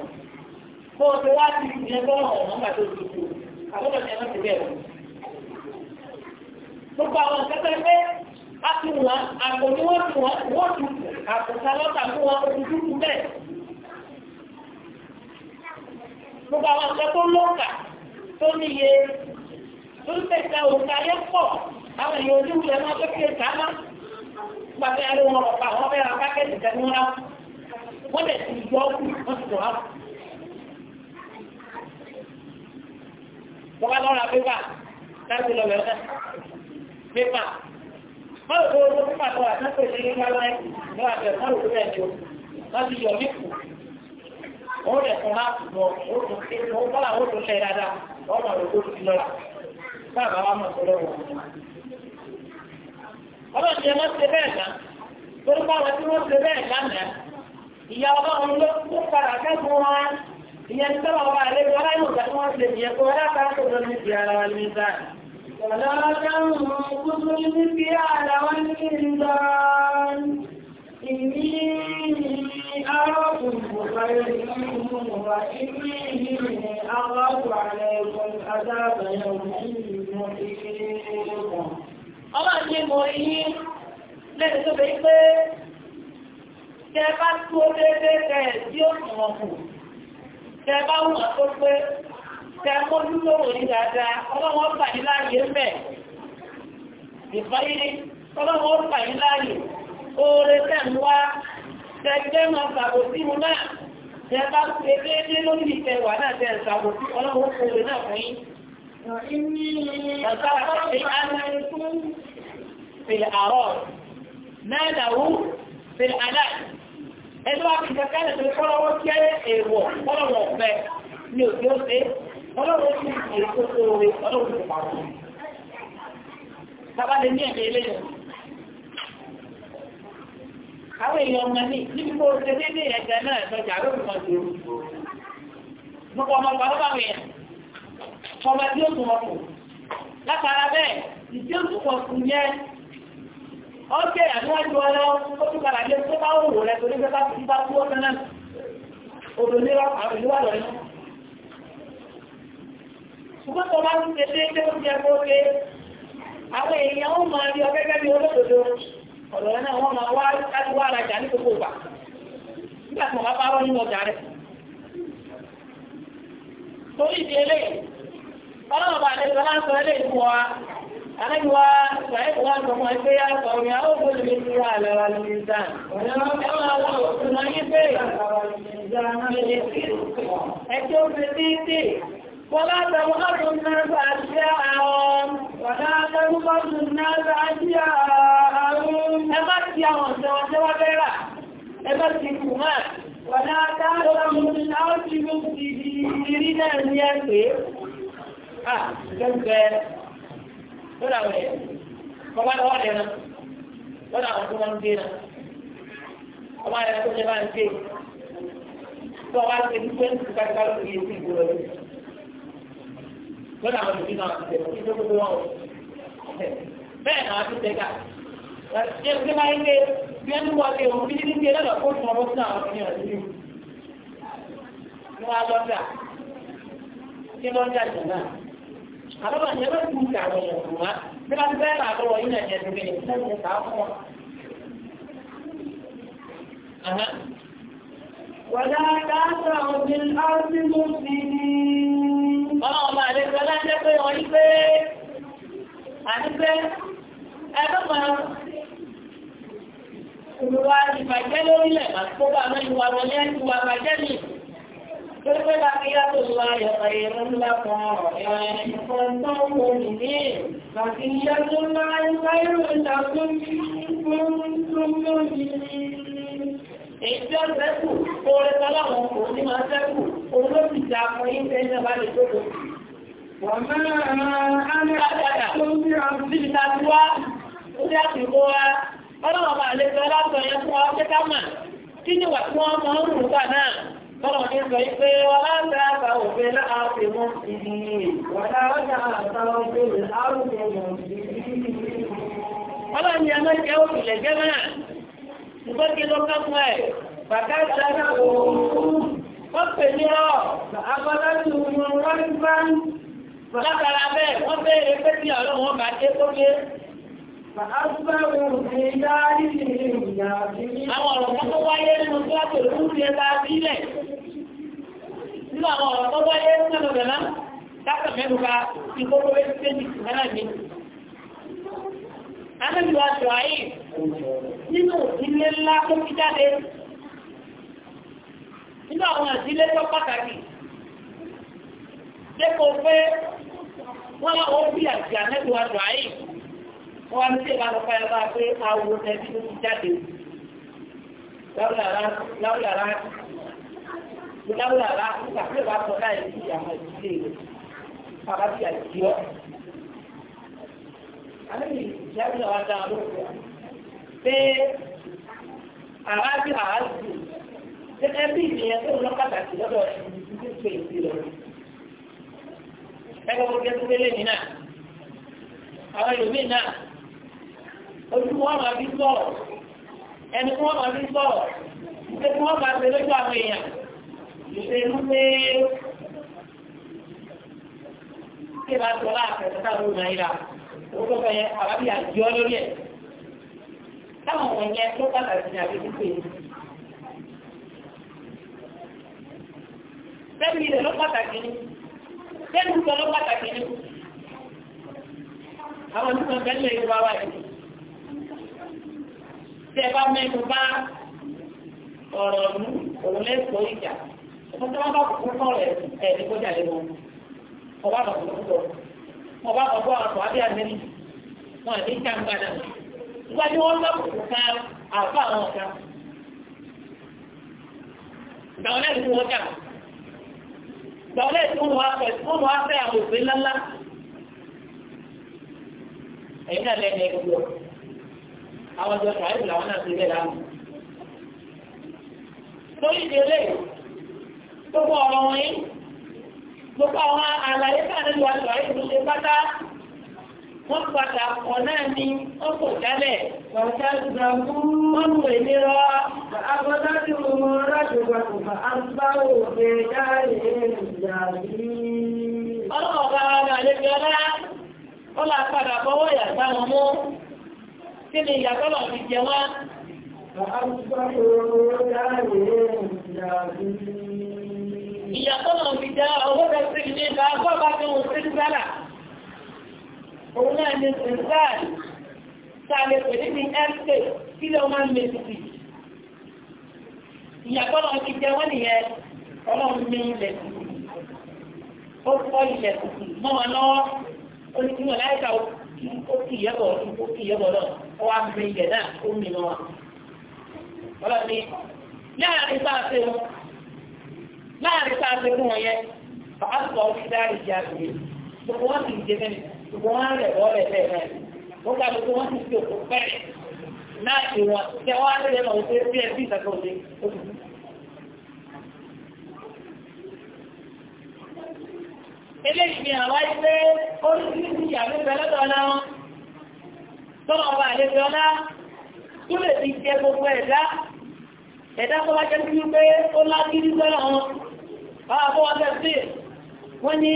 Bó o ti wá ti ìyẹn bọ́ ọ̀rọ̀ nígbà tó ti jù àbúrò ní ẹ̀rọ ti bẹ̀rẹ̀. Gbogbo àwọn kẹ́kẹ́ pé a ti wọ́n àpò ni wọ́n ti wọ́n ti àpò ta lọ́ta fún wọn ojú dúdú bẹ́ẹ̀ gbogbo àwọn ọ̀sẹ̀ tó lọ́ọ̀kà tó níye tó ń tẹ̀sẹ̀ òǹkà ayé pọ̀ àwọn èèyàn ojú ilẹ̀ máa tó kéde káná pàṣẹ ariwo wọn ọ̀pá àwọn àwọn kákẹ́tì tẹ̀ múra wọ́n lè lọ́ra pépà láti lọ bẹ̀rẹ̀ pépà báwo ló ló pépà tó wà sẹ́kọ̀ọ́ ìṣẹ́yìn lọ́wọ́ lọ́wọ́ àbẹ̀rẹ̀ báwo ló tó wọ́n ti yọ mí kù wọ́n lè fún láti mọ̀ ó tún ṣe ó bọ́lá ó tún dáadáa wọ́n mọ̀ lóko lọ́la báàbá wa mọ̀ sọ́dọ̀ wọn. ọlọ́run ti ẹmọ́ ṣe bẹ́ẹ̀ náà torí báwọn tí wọ́n ṣe bẹ́ẹ̀ lánàá ìyá ọlọ́run ló kó padà kẹ́kọ̀ọ́ wa ìyẹn tí sọ́wọ́ wa lè wọ́n láyé òkè tí wọ́n ṣe ìyẹn kó láta tó lọ ní ara wa ní ìta. ọ̀dọ́ آتوا خير منهم وإني lẹ́nu tó bẹ pé tẹ bá tó dédé tẹ tí ó sùn ọ̀hún tẹ bá wọ́n tó pé tẹ mójú lówó ní dáadáa ọlọ́run bà ní láàyè mẹ́ ìfọ́yín ọlọ́run bà ní láàyè oore tẹ̀ ń wá tẹ́gbẹ́ máa sàbò sí mu náà tẹ́ bá ṣe déédéé lórí ìfẹ́ wà náà tẹ́ sàbò sí ọlọ́run kò lè náà fún yín. في الأعراض ناله في الأناء ẹgbẹ́ wa fi kẹ́kẹ́ lè fi kọ́lọ́wọ́ tí ẹ èèwọ̀ kọ́lọ́wọ́ ọ̀fẹ́ ní òjò ṣe kọ́lọ́wọ́ tí èèkó tó rẹ̀ kọ́lọ́wọ́ tó pàwọn. Tábàlẹ̀ ní ẹ̀mí eléyìí àwọn èèyàn ọmọ ní níbi kó ṣe dédé ẹ̀jẹ̀ náà lọ́jà ló fi wọn dúró. mo ọmọ ọgbà lọ́wọ́ yẹn kọ́ ọmọ tí ó tún wọn látara bẹ́ẹ̀ ìdí ó tún wọn kù ó jẹ́ àníwájú ọlọ́ ó tún padà dé tó bá wò wò rẹ̀ torí pé bá ti bá kú ọ̀sán náà odò ní àwọn ìlú wà lọ́yìn. ṣùgbọ́n tó bá ń ṣe dédé ó jẹ́ kó ṣe àwọn èèyàn ó máa rí ọ ọ̀rọ̀ náà wọ́n máa wá láti wá ara ní gbogbo ìgbà nígbà tí wọ́n bá bá rọ́ nínú ọjà rẹ̀. torí ìdí eléyìí ọlọ́run bá àlejò aláǹsọ eléyìí fún wa àlejò wa sàyẹ̀ fún wa sọ fún ẹ pé sọ orin àwọn òbí mi ti wà lọ́wọ́ ní ìdáhùn. ẹ máa wọ òtún ayé bẹ́ẹ̀ ẹ tí ó fi títì ولا تبغضوا الناس أشياءهم ولا àwọn ọ̀sẹ̀ wọn tẹ́wọ́ bẹ́rà ẹgbẹ́ ti kù máa wọ̀nà àtàlọ́mù láwọn ti ló ti di ìrírí náà ní ẹ̀pẹ́ à gẹ́gẹ́ lọ́dà rẹ̀ bàbá lọ́wọ́ rẹ̀ náà lọ́dà àwọn tó máa ń gbé náà ọba rẹ̀ tó lè máa ń gbé tó ọba ṣe ní pé nípa ìgbà tó yẹ sí ìgbò rẹ̀ lọ́dà àwọn ìbí náà ti tẹ̀ bẹ́ẹ̀ náà ti tẹ̀ ká ṣe ṣe máa ń gbé bí ẹni wà lé òun bí nígbè lọ́dọ̀ kó tún ọmọ fún àwọn ènìyàn sí i ní wàá lọ́dà ṣé lọ́dà jù náà àbábà ní ẹgbẹ́ tún ìgbà àwọn èèyàn kùn wá bí wọ́n ti bẹ́ẹ̀ rà lọ́wọ́ yìí nàìjíríà ti bẹ̀rẹ̀ sí ẹ̀jẹ̀ ká fún wọn. Wàdà dáàtà ọ̀gbìn áàtì mú sí ni. Ọlọ́run máa lè sọ lájẹ́ pé wọ́n yí pé àti pé ẹgbẹ́ kan olùwà ìbàjẹ́ lórílẹ̀ àtúkọ́ bá mẹ́rin wà wọlé ìwà bàjẹ́ mi pépé bá fi yàtọ̀ lọ ayọ̀kọ̀ ìrọ̀ ńlá kan ọ̀rọ̀ ẹ̀ẹ̀kan tó ń wò ní ní àti ìyá tó máa ń sáírò ìlà tó ń tó ń lórí èyí tí ó sẹ́kù oore tọ́láwọn kò ní máa sẹ́kù òun ti dà fún yín lè tókò wọ́n máa ń rán ọlọ́wọ́ bá sọ látọ̀ yẹn fún wa pé mà kí ni wà tí wọ́n ń rùn kà náà tọ́lọ̀ sọ pé wọ́n láti àgbà òfin láti mú ìdí wọ́n láti àgbà òfin láti mú ìdí. ọlọ́run ni a máa jẹ́ òkùnlẹ̀ jẹ́ náà ṣùgbọ́n kí ló ká fún ẹ̀ bàtà ìdájọ́ òun wọ́n pè ní ọ́ abọ́lájú wọn wọ́n ń bá látara bẹ́ẹ̀ wọ́n bẹ́ẹ̀ pé kí ọlọ́run wọn bá dé tó dé. Àwọn ọ̀rọ̀ kan tó wáyé nínú tí a tò lórí ti ẹta sílẹ̀. Nínú àwọn ọ̀rọ̀ tó wáyé nínú ọ̀dọ̀lá, dákà mẹ́nu ka ti kókó wé sí méjì mẹ́rà ní. Anábìwá aṣọ ayé nínú ilé ńlá tó fi jáde. Nínú àwọn ìdílé tó pàtàkì. Dépò pé wọ́n wá ó bí àti àmẹ́bìwá aṣọ wọ́n wá ní sí ìbára bá pé awo ẹbí ló ti jáde láwùlára láwùlára ìgbàgbé bá sọ láì sí àwọn ìdílé rẹ̀ bàbá ti àìsí ọ́. Àlejò ìjábí tó lọ pàtàkì lọ́dọ̀ àwọn ìlú míì ojú wọn máa fi sọ̀rọ̀ ẹni tí wọ́n máa fi sọ̀rọ̀ ìṣe tí wọ́n máa ṣe lójú àwọn èèyàn ìṣe ń pé ṣé bá sọ láàfẹ́ tó táwọn ọmọ yìí rà owó tó fẹ́ yẹn àbábí àjọ lórí ẹ̀ táwọn ọmọ yẹn tó pàtàkì ní àbí pípé lẹ́nu ilẹ̀ ló pàtàkì ni lẹ́nu ìtọ́ ló pàtàkì ni àwọn tí wọ́n fẹ́ lè wá wáyé tẹ́ mẹ́nu bá ọ̀rọ̀ ọ̀nù òun ìjà ọ̀pọ̀ tí wọ́n bá kúkú kọ́ rẹ̀ ẹ̀ kọjá lé wọn ọba bàbá púpọ̀ ọba bàbá àtọ̀ àbí wọn àti ìjà nígbà tí wọ́n bá ká àbá àwọn ọ̀gá gbàwọn náà ti wọ́n jà gbàwọn náà àwọn òfin lálá ẹ̀yin náà lẹ́nu ẹ̀gbọ́n àwọn ọjọ́ ṣàìbù làwọn náà ti bẹ́ẹ̀ lánàá. torí ìdílé gbogbo ọ̀rọ̀ wọn yìí gbogbo àwọn àlàyé káàdé wa ṣàìbù ṣe pátá wọ́n padà kọ̀ náà ni wọ́n kò jálẹ̀ wàtá ìgbàgbú wọ́n pè ní rọ agbọ́dá tí mo mọ rájò gbàgbà àgbà òfin dáre ìjà yìí. ọlọ́ọ̀gá ara àlejò ọlá ó là padà bọ́wọ́ ìyàgbá wọn mú kí ni ìyàtọ̀ lọ fi jẹ wọ́n. ìyàtọ̀ lọ fi jẹ owó rẹ̀ sí ní ìgbà agbọ́ bá fi hùn sí sálà òun náà ni sèǹtàlì sàlẹ̀ pẹ̀lú ní ẹ́ńtẹ̀ kí ló máa ń mẹ́tìtì ìyàtọ̀ lọ fi jẹ wọ́n nìyẹn ọlọ́run ní ilẹ̀ tuntun ó kọ́ ilẹ̀ tuntun mọ́ wọn lọ́wọ́ ó ní kí wọn ó kì í ó kì í yẹ́bọ̀ ó fi ilẹ̀ náà ó mi lọ. láàrin tá a láàrin tá a ṣe fún bàbá sọ dárí ìjà àgbèrè gbogbo wọn sì jẹ mẹ́rin gbogbo wọn rẹ̀ wọ́n rẹ̀ bẹ́ẹ̀ náà wọ́n gbà gbogbo wọn sì fi òkú bẹ́ẹ̀ náà ṣe wọn ṣe wọ́n á lè lọ sí bí ẹbí ìtàkùn òde ó ti eléyìí ni àwọn ẹgbẹ́ oríṣiríṣi ìyàwó ìfẹ́ lọ́dọ̀ náà tọ́lọ̀ ọba àlejò ọlá tó lè fi jẹ gbogbo ẹ̀dá ẹ̀dá tó bá jẹ́ sí pé ó lágídí sọ́rọ̀ wọn báwa bọ́ wọn tẹ̀sí wọ́n ní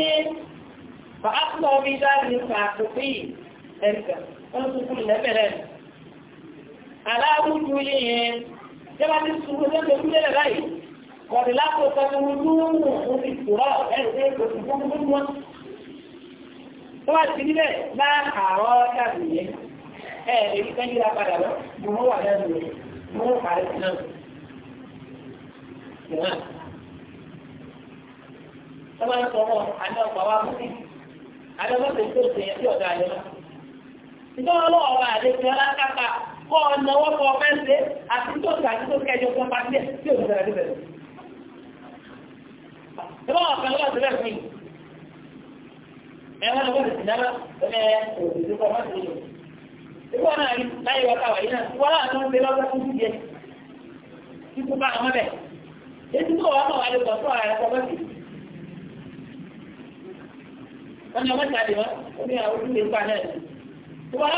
fàákùnà omi dáàbì fàákùnfì ẹ̀ǹkà wọ́n tún kú lẹ́bẹ̀rẹ̀ aláàbùkù yìí jẹ́ bá ti sùn lọ́jọ́ tó kúlẹ̀ rẹ̀ báyìí kọ̀dì lápò sọ́dún ẹ̀ èyí tó yíra padà lọ mo mọ́ wà lẹ́nu rẹ̀ mo mọ́ parí náà. Ìwọ̀n. Wọ́n máa ń sọ wọn àná ọgbà wa mú sí. Àná ọgbà tó ń tó ṣe ẹbí ọ̀gá rẹ̀ náà. Ìjọba ọlọ́wọ́ wa àlè fi ọlá kápá kọ́ ọ̀nà wọ́n fọ ọ̀fẹ́ ṣe àti tó ṣe àti tó kẹjọ fún pàṣẹ tí òun bẹ̀rẹ̀ níbẹ̀rẹ̀. Ìjọba ọ̀kan lọ́wọ́ sílẹ̀ fún mi. Ẹ̀wọ̀n ni wọ́n ti dáná ẹ̀ òṣèlú kọ́ ìwọ náà rí láyé wọ́n káwà yìí náà ìwọ náà tó ń gbé lọ́gbẹ́ fún jíjẹ kíkú bá àwọn bẹ̀ ètí tó wà náà wà lè pọ̀ fún ara ẹ̀kọ́ bẹ́ẹ̀ wọ́n ní ọmọ ìtàdé wọn ó ní àwọn ojúlé nípa náà ìwọ náà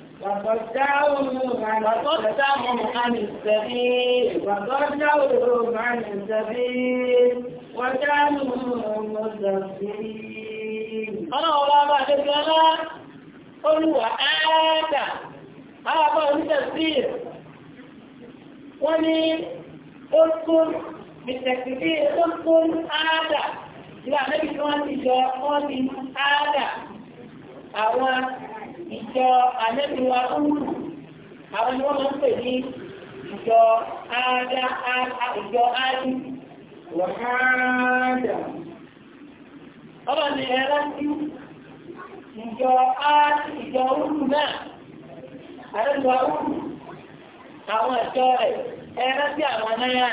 وصدهم عن السبيل وصدهم عن السبيل وكانوا مستكبرين ọlọ́wọ́ bá ṣe gẹ́lá olùwà áádà àwọ̀bọ̀ onítẹ̀síl wọ́n ní ó kún mìtẹ̀síl ó kún áádà ìgbà mẹ́bí àwọn ìjọ àlẹ́bíwá ọ̀hún àwọn ni wọ́n máa ń pè ní ìjọ áádá ìjọ áádí ni ẹ̀rọ sí ìjọ áádí ìjọ ọ̀hún náà àlẹ́bíwá àwọn ẹ̀jọ́ rẹ̀ ẹ̀rọ sí àwọn náà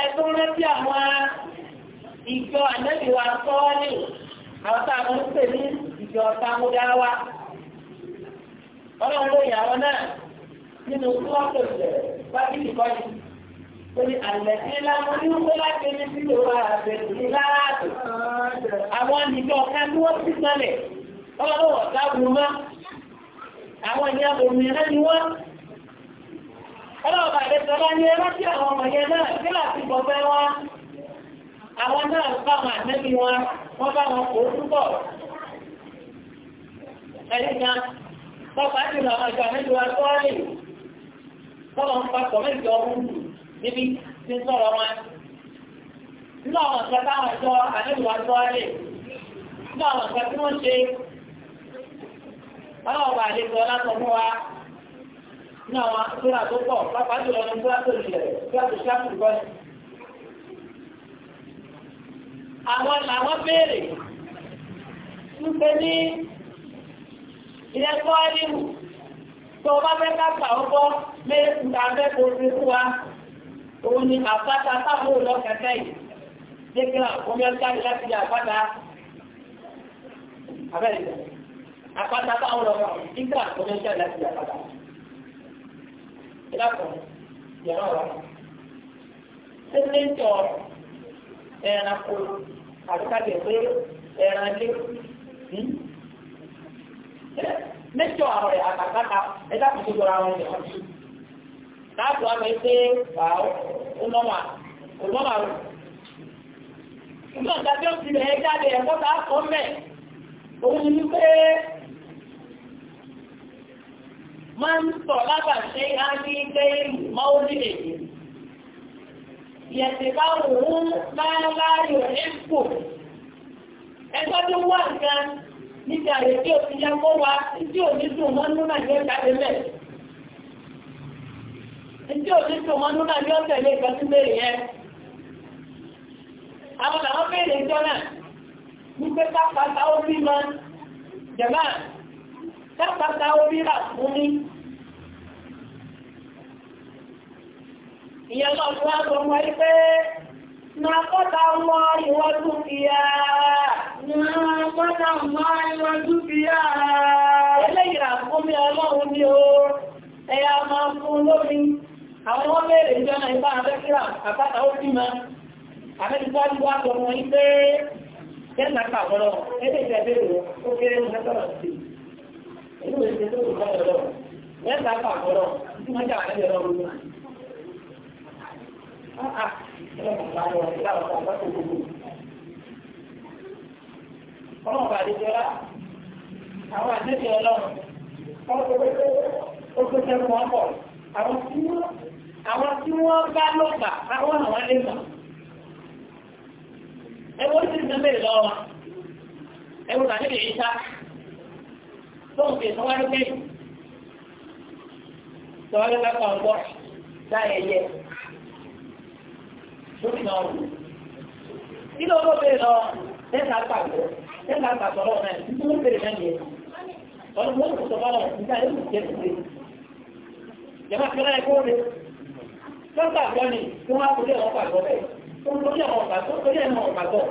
ẹ̀tún rẹ̀ sí àwọn ìjọ àlẹ́bíwá sọ́ọ́lì. àwọn tá a mọ̀ ń pè ní ìjọ tamudáwa ọlọ́run ló yàn àwọn náà nínú kúlọ́tò rẹ̀ bábí ìkọ́ni ó ní àlẹ́sí lámú ní wọ́n láti ní sí ìwà àbẹ̀rù ní láàbù àwọn ìjọ ọ̀ká ní wọ́n ti sọlẹ̀ ọlọ́run ọ̀gá wù mọ́ àwọn ìyá òmìnira ni wọ́n ọlọ́run bàbá ìtọ́lá ní ẹrọ́ sí àwọn ọmọ yẹn náà kí láti bọ̀ fẹ́ wọn àwọn náà bá wọn àtẹ́bí wọn wọ́n bá wọn kò túbọ̀. ẹ̀yìn kan tọ́pàá ti lọ àjọ àmẹ́jọ wa tó rẹ̀ tọ́lọ̀ ń pa kọ̀mẹ́jọ ọ̀hún níbi tí ń sọ̀rọ̀ wọn. nínú àwọn ọ̀sẹ̀ táwọn ẹ̀jọ́ àmẹ́jọ wa tó rẹ̀ nínú àwọn ọ̀sẹ̀ tí wọ́n ṣe ọlọ́ọ̀bà àlejò ọlátọ̀ fún wa nínú àwọn àtúrà tó pọ̀ pápá jùlọ ní àwọn làwọn béèrè wípé ní ilẹ̀ kọ́ọ̀lìmù tó bá fẹ́ kápá ọgbọ́ lé ìgbàgbẹ́ orí fún wa òun ni àpáta sábò lọ kẹ̀kẹ́ yìí jẹ́kẹ́ omi ọjà láti di àpáta abẹ́rẹ́ àpáta sábò lọ kẹ̀kẹ́ omi ọjà láti di àpáta ìlàkùn yẹ̀rọ ọ̀rọ̀ tẹ́lẹ̀ ń tọ̀ ọ̀rọ̀ ẹranko àti kájẹ̀ pé ẹran lé hmm? mẹ́jọ àwọn àtàkàtà ẹ̀dá kò tó jọra wọn ìyàwó sí. láti wá pé pé wàá ọmọọmọ ọmọọmọ rẹ. nígbà tá a bí ó ti bẹ̀rẹ̀ jáde ẹ̀kọ́ tá a kọ́ mẹ́ òun ni pé máa ń sọ lábàṣe á ní pé máa ń rí èyí. yẹ̀tìbá òun máa láàrin ẹ̀kù ẹgbẹ́ tó wà nǹkan nígbà rẹ̀ tí ó ti yá mọ́ wa tí ò ní mọ́ nínú nàìjíríà tàbí mẹ́ tí ò ní mọ́ nínú nàìjíríà tẹ̀lé ìgbà ìyẹn náà tó wá sọ wọn pé na kọ́ta mọ́ ìwọ dúkìá na kọ́ta mọ́ ìwọ dúkìá eléyìí àkómi ọlọ́run ni ó ẹ̀yà máa fún lómi àwọn wọ́n bèèrè ìjọ náà ìbá abẹ́kíra àpáta ó bímọ àmẹ́sìkọ́ ti wá sọ wọn pé kẹ́ńtà Ọlọ́run àwọn tí wọ́n bá lọ́gbà, àwọn àwọn lè Ẹwọ́ sí ìdánbẹ̀rẹ̀ lọ́wọ́ wa, ẹwọ́ tàbí ìṣá, tó ń fi ìsanwó gómìnà ọ̀hún. bèèrè lọ lẹ́ka àgbàgbọ́ lẹ́ka àgbàgbọ́ lọ́wọ́ náà ní bèèrè náà yẹn. Ọdún mọ́ ìkòtò bá lọ nígbà yóò kù jẹ́ fi láyé kó lè. Lọ́gbà gbọ́ ni wọ́n á kó lé àwọn bẹ́ẹ̀. Tó ń lórí àwọn gbàgbọ́ tó lé àwọn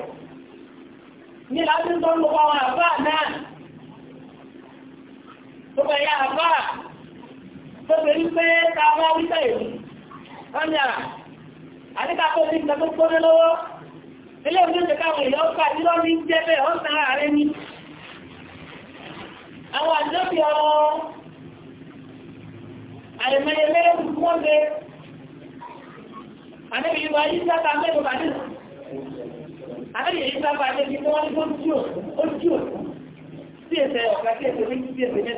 Ní láti ń lo àdíkà tó ti ìgbà tó gbóná lọ́wọ́ ilé ìlú ìjẹta àwọn èèyàn ọkà ìlọ́ ní jẹ́ bẹ́ẹ̀ ó sàn ààrẹ ní àwọn àjọ́bì ọ̀rọ̀ àìmẹ́yẹlẹ́ mọ́lẹ̀ àdébì ìwà yìí sáta mẹ́lò bàdé àdébì yìí sáta bàdé ní wọ́n ní ó jíò sí ẹsẹ̀ ọ̀gá sí ẹsẹ̀ méjì sí ẹsẹ̀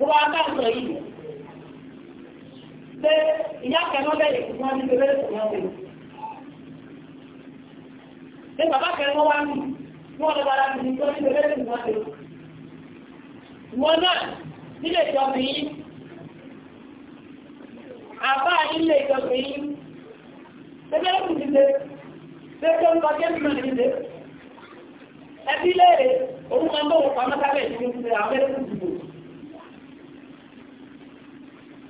gbogbo akáàtọ̀ yìí pé ìyá kẹmọ́ bẹ̀rẹ̀ fún wọn ní pé bẹ́rẹ̀ fún wọn bẹ̀rẹ̀ pé bàbá kẹmọ́ wá ní fún ọ̀dọ̀ bàbá mi ní tó ní pé bẹ́rẹ̀ fún wọn bẹ̀rẹ̀ wọn náà nílé ìjọsìn yìí àbá nílé ìjọsìn yìí pé bẹ́rẹ̀ fún ti dé pé tó ń kọjá mímọ̀ ní dé ẹbí léèrè òun kan bọ̀ wọ̀ pamọ́ sábẹ̀ ìdílé àwọn bẹ́rẹ̀ fún ti dé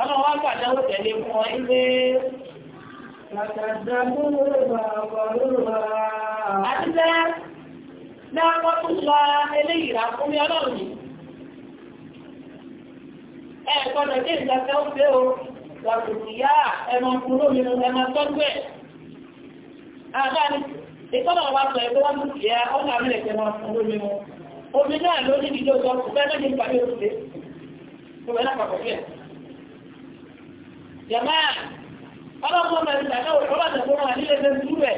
ọmọ wa gbàdá ó tẹ̀lé fún ọ ilé. Àtijọ́ náà wọ́n tún lọ eléyìí rà fún mi ọlọ́run yìí. Ẹ gbọ́dọ̀ dé ìgbàfẹ́ ó fẹ́ o, wà kò sí yá ẹmọ kúrò nínú ẹmọ tọ́jú ẹ̀. Àbáni, ìtọ́nà wa sọ ẹgbẹ́ wọn kì ya, ó nà mí lè fẹ́ mọ kúrò nínú. Omi náà ló ní ìdíjọ́ sọ, kò fẹ́ lẹ́yìn ìpàdé òṣèlú. Kò jẹ̀má ọlọ́pọ̀ mẹ́rin tàbí ọlọ́pọ̀ tẹ̀kọ́ wọn nílé ṣe tú rẹ̀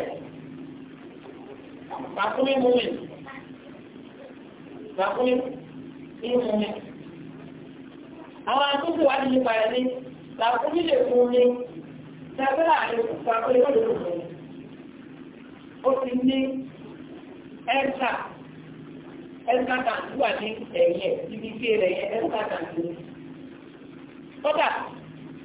bàkúmí mú mi bàkúmí mú mi àwọn àtúntò wà nínú ìpàdé ní bàkúmí lè fún mi tàbí láàrin bàkúmí lọ́dọ̀ lọ́dọ̀ ó ti ní ẹ̀ka ẹ̀ka kan wà ní ẹ̀yẹ ibi tí ẹ̀yẹ ẹ̀ka kan ní.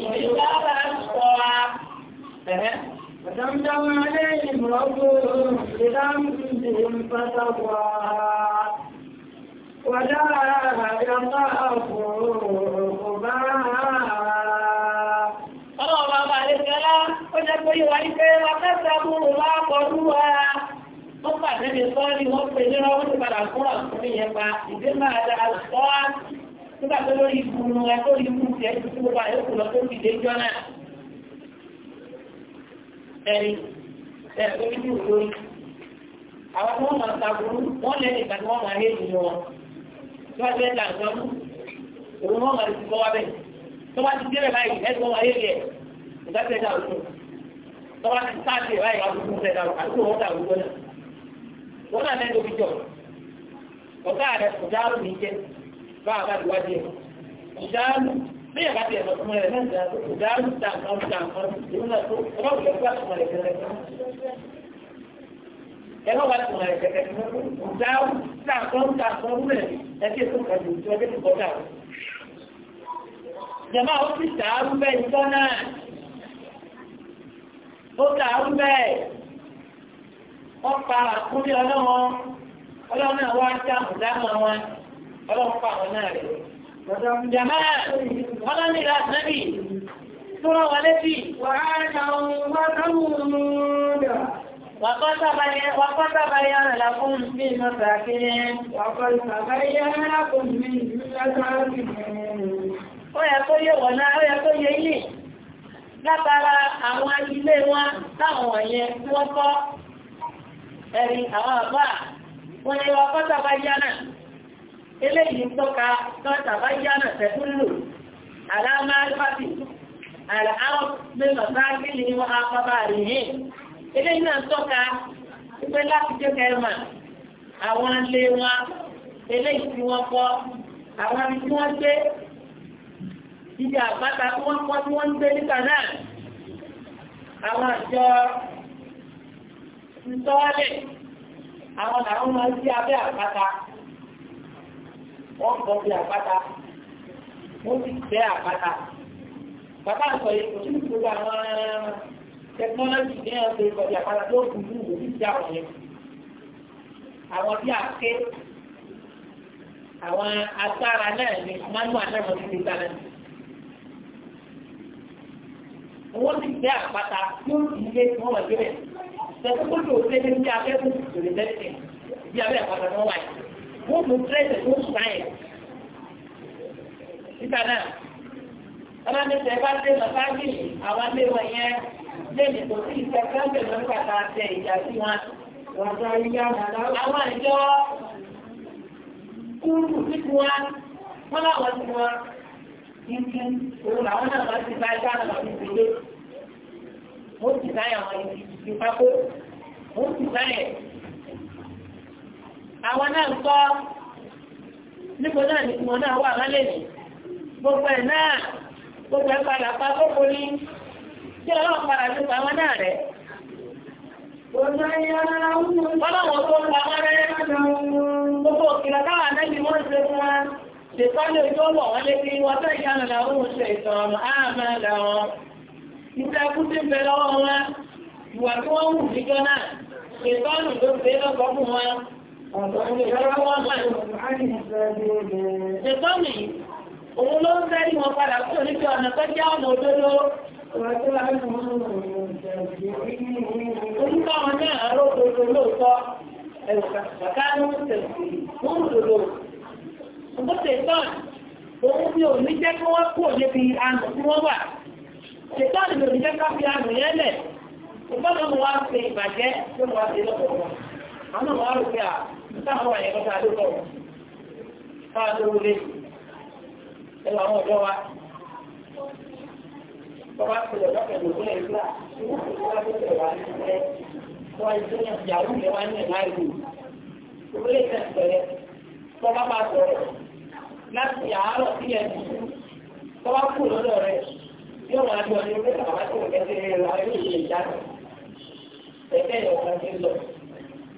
ìdílé bá ń sọ wa. فدمدم عليهم ربهم بذنبهم فتقوى ولا يخاف Ọlọ́ọ̀bá bá lè gẹ́lá, ó jẹ́ pé ìwà ìfẹ́ akẹ́sàmúrù wá pọ̀lú wa. Ó pàdé mi sọ́ ni wọ́n pè ní ọwọ́ ti padà fún ìyẹn pa, ìdí máa dáa sọ́ọ́ nígbà tó lórí ìfúnnu ẹ tó rí ikú tiẹ̀ tó gbogbo àyè kù lọ tó fi dé jọ náà. ẹni ẹ tó ní ìlú lórí àwọn tó wọn máa ta burú wọn lẹ́nu ìgbà tí wọn máa hé ìlú wọn tí wọn fẹ́ẹ́ là ń sọ òun wọn máa ti bọ́ wá bẹ́ẹ̀ tó bá ti débẹ̀ báyìí ẹ tó wọn hé yẹ ìgbà tẹ̀ dà òkú tó bá ti sáàtì báyìí wà lókun tẹ̀ dà náà wọn bá àgbàdo wájú ẹ̀ ìdáàlú bí ẹ̀ka tiẹ̀ lọ fún ẹ̀ náà ìdáàlú ta nǹkan ta nǹkan ìlú náà tó ẹ̀ bá wùdí ẹ̀ka tó mọ̀ lẹ́kẹ̀rẹ̀ ẹ̀ bá wà tó mọ̀ lẹ́kẹ̀rẹ̀ ìdáàlú ta nǹkan ta nǹkan rúbẹ̀ ẹ̀ kí èso kan lòdì ọjọ́ tó kọjá rẹ̀. jẹ̀má ó ti dàárú bẹ́ẹ̀ nígbà náà ó dàárú bẹ́ẹ̀ wọ́n pa ọlọ́wọ́ ọlọ́wọ́ náà wá ọlọ́run pa àwọn rẹ̀. Jàmá ọlọ́run ìlà àtìlẹ́bì tó Wàkọ́ta báyá rẹ̀ fún mi mọ́ta kéré. Wàkọ́ta báyá rẹ̀ fún mi mọ́ta kéré. Ó yẹ kó yé wọ̀ ó yẹ kó yé ilé. Látara àwọn ilé wọn táwọn wọ̀nyẹn tí wọ́n kọ́ ẹ̀rin àwọn àbá. Wọ́n ni wàkọ́ta báyá eléyìí tọ́ka tọ́tàbá yánà tẹ̀kúnlò aláàmàlùfàtì aláàrùn mẹ́lọ̀ sáàkìlì wọn apábá rèé eléyìí náà tọ́ka pípẹ́ láti jẹ́ kẹrìmà àwọn ilé wọn eléyìí tí wọ́n kọ́ àwọn ibi tí wọ́n gbé ibi àbáta tí wọ́n kọ́ tí wọ́n ń gbé níta náà àwọn àjọ ń tọ́wọ́lẹ̀ àwọn làwọn máa ń sí abẹ́ àpáta wọ́n bọ́ bí àpáta wọ́n ti tẹ́ àpáta. Bàbá àgbọ̀ yìí kò tún gbogbo àwọn tẹkinọ́lọ́jì ní ọ̀sẹ̀ ìkọ̀dì àpáta tó kù ní ìwò ní ìjà wọ̀nyẹ. Àwọn bí àké àwọn agbára náà ni Mánú Àtẹ́mọ̀ ti ti sálẹ̀. Wọ́n ti tẹ́ àpáta tó kù ní ilé tí wọ́n wà débẹ̀. Tẹ̀síkótó òṣèlú ní abẹ́kùn ìṣòro tẹ́sí bí abẹ́ àpáta tó wà yìí wọ́n mú tírẹ́sì tó sùn báyìí. Nígbà náà, ọba mẹ́ta ẹ bá dé bàbá mi àwọn mẹ́wọ̀ yẹn lẹ́nu kò sí ìfẹ́ káńtẹ̀ lọ́dún kàkà tẹ ìjà sí wọn. Àwọn àjọ kúrú nínú wa, wọ́n láwọn ti wọn ibi òun làwọn náà wá ti bá ẹgbẹ́ àwọn àwọn ìgbélé. Mo ti báyà wọn ibi ìpapò, mo ti báyà àwọn náà ń kọ́ níbo náà ní ìmọ̀ náà wà lálẹ́ ní gbogbo ẹ̀ náà gbogbo ẹ̀ padà pa kókó ní tí ọlọ́run padà ti pa àwọn náà rẹ̀. Ọlọ́run tó pa wọ́n rẹ̀ gbogbo òkìlọ̀ káwà náà ni wọ́n ṣe fún wa. Ṣèpálẹ̀ ojú ọ̀wọ̀ wọn létí wọn tó ìyánu làwọn òun ṣe ìtọ̀ọ̀mù áàmà làwọn. Iṣẹ́ kú sí ń bẹ lọ́wọ́ wọn. Ìwà tí wọ́n wù sí gan náà. Ṣèpálẹ̀ ló lọ́gbọ́n fún wọn. Ìtọ́nì, òun ló ń tẹ́rí wọn padà kúrò níbi ọ̀nà tó jẹ́ ọ̀nà òdodo. Orúkọ wọn náà ró gbogbo lóòótọ́, ẹ̀rọ̀kánú tẹ̀sí, wọ́n lòlò. Òbótè tọ́n, òun bí òní jẹ́ kí wọ́n kúrò níbi àmì tí wọ́n wà. Ṣètọ́nì lòní jẹ́ ká àmì yẹn lẹ̀. Ìgbọ́dọ̀ àwọn ọmọ àrùn pé à táwọn wà yẹn káà tó wọlé ẹwà àwọn ọ̀dọ́ wa bàbá pèlè lọ́kẹ̀ ló ìgbà ìwọ̀n tó tẹ̀ wá ní ìgbẹ́ wọ́n ń tẹ́lẹ̀ ìyàwó mi wá ní ìlà ìlú ìwọlé ìtẹ̀ ìbẹ̀rẹ̀ bàbá bá sọ̀rọ̀ láti àárọ̀ sí ẹ̀ bàbá kù lọ́dọ̀ rẹ̀ ní orí bàbá tó kẹ́sẹ̀ rẹ̀ láàrin lọ.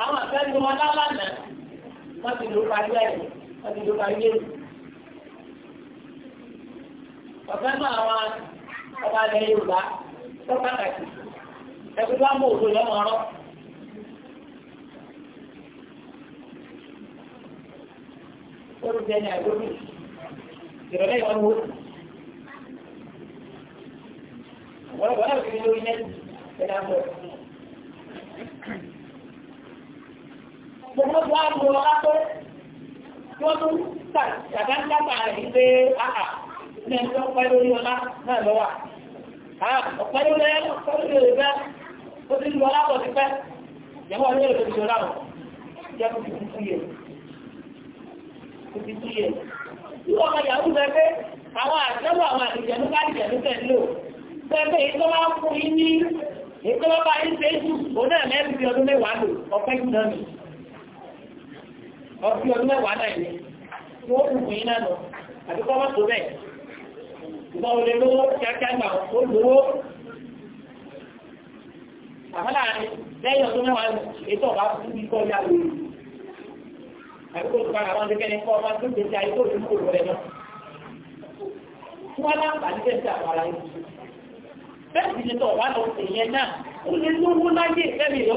àwọn àfẹ́ni wọn lálànà wọ́n ti lò parí ẹ̀ wọ́n ti lò parí ẹ̀. ọ̀fẹ́ náà àwọn ọba ilẹ̀ Yorùbá tó pàtàkì ẹgbẹ́ bá mú òdo lọ́mọ ọ̀rọ̀. olùdíje ní àgbóbi ìrọ̀lẹ́ ìwọ́n wò. wọ́n lọ́wọ́ náà fi lórí nẹ́ẹ̀tì ẹ̀dá bọ̀ gbogbo tó wá gbogbo tí wọ́n tún tàbí látà rẹ̀ àà ní ẹjọ́ ọpẹ́ lórí ọlá náà lọ́wà. ọpẹ́ lórí ọpẹ́ lórí ọ̀rẹ́ bẹ́ẹ̀ ó ti lu ọlá bọ̀ ti pẹ́ ìyàwó ọlọ́rẹ́ rẹ̀ tó ti ọlá bọ̀ jẹ́ kó ti kú yẹ. kó ti kú yẹ. tí wọ́n máa yàwó rẹ̀ pé àwọn àjẹ́wọ̀ àwọn àjẹ̀lú bá ìjẹ̀lú tẹ̀ lò pẹ́pẹ́ ètò wá fún yín ní ètò wá bá yín ṣe é ọdún ọdún mẹ́wàá náà ni tí wọ́n kùkù yín lọ àbí kọ́ mọ́tò bẹ́ẹ̀ ìgbọ́n olè lówó kíákíá gbà ó lówó àmọ́là lẹ́yìn ọdún mẹ́wàá ètò ọ̀bá fún ikọ̀ ya lórí àbí kò tó bá àwọn ọdún kẹ́ni kọ́ ọmọ tó ń tẹ̀sí ayé kó lóun lọ rẹ̀ náà tí wọ́n àwọn ara yìí bẹ́ẹ̀ sì ni tọ̀ wá lọ sí ìyẹn náà ó lè lówó láyé ẹ̀mí ìlú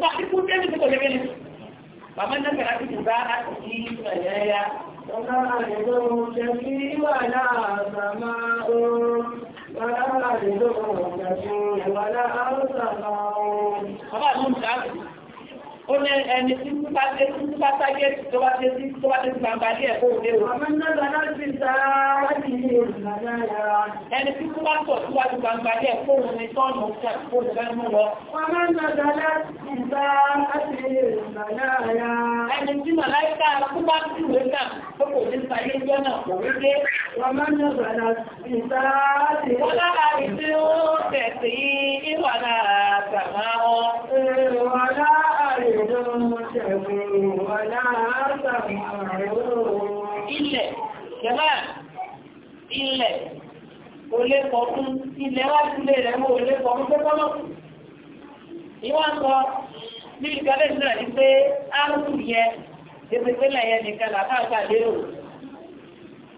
ba ikú tẹ́lẹ̀ tó lè bẹ́lẹ̀ bàbá náà kàrà ti bá a ti yí ìfẹ̀lẹ́ ya Ọlá àdìdó ṣẹ̀fí wà láàzàmá ooo. Ọlá àdìdó ṣẹ̀fí wà láàzàmá ooo. Bàbá àdìdó ṣẹ̀fí ó ní ẹni tí ń bá dé tí ń bá sáyé tó bá dé sí tó bá dé sí gbangba ní ẹ̀kọ́ òde o. ẹni tí ń bá sọ̀ tó bá dé gbangba ní ẹ̀kọ́ òde ní tọ́ọ̀nù ọ̀sẹ̀ kó lè fẹ́ mú lọ. ẹni tí màláìka tó bá sí ìwé náà ó kò ní sáyé ìjọ náà kò wí dé. wọ́n lára ìdí ó tẹ̀sí ìwà náà tàmá ọ. Ìwà náà àrè Ilẹ̀, jẹba, ilẹ̀, olè pọ̀kún, ilẹ̀ wá sílé rẹ̀ mú olè pọ̀kún tó kọ́lọ̀. Ìwọ́n sọ ní ìgbàlẹ̀ ìsìnà ní pé áàrùn yẹ, ẹgbẹ̀gbẹ̀lẹ̀ yẹ nìkan làbáàgbà lérò.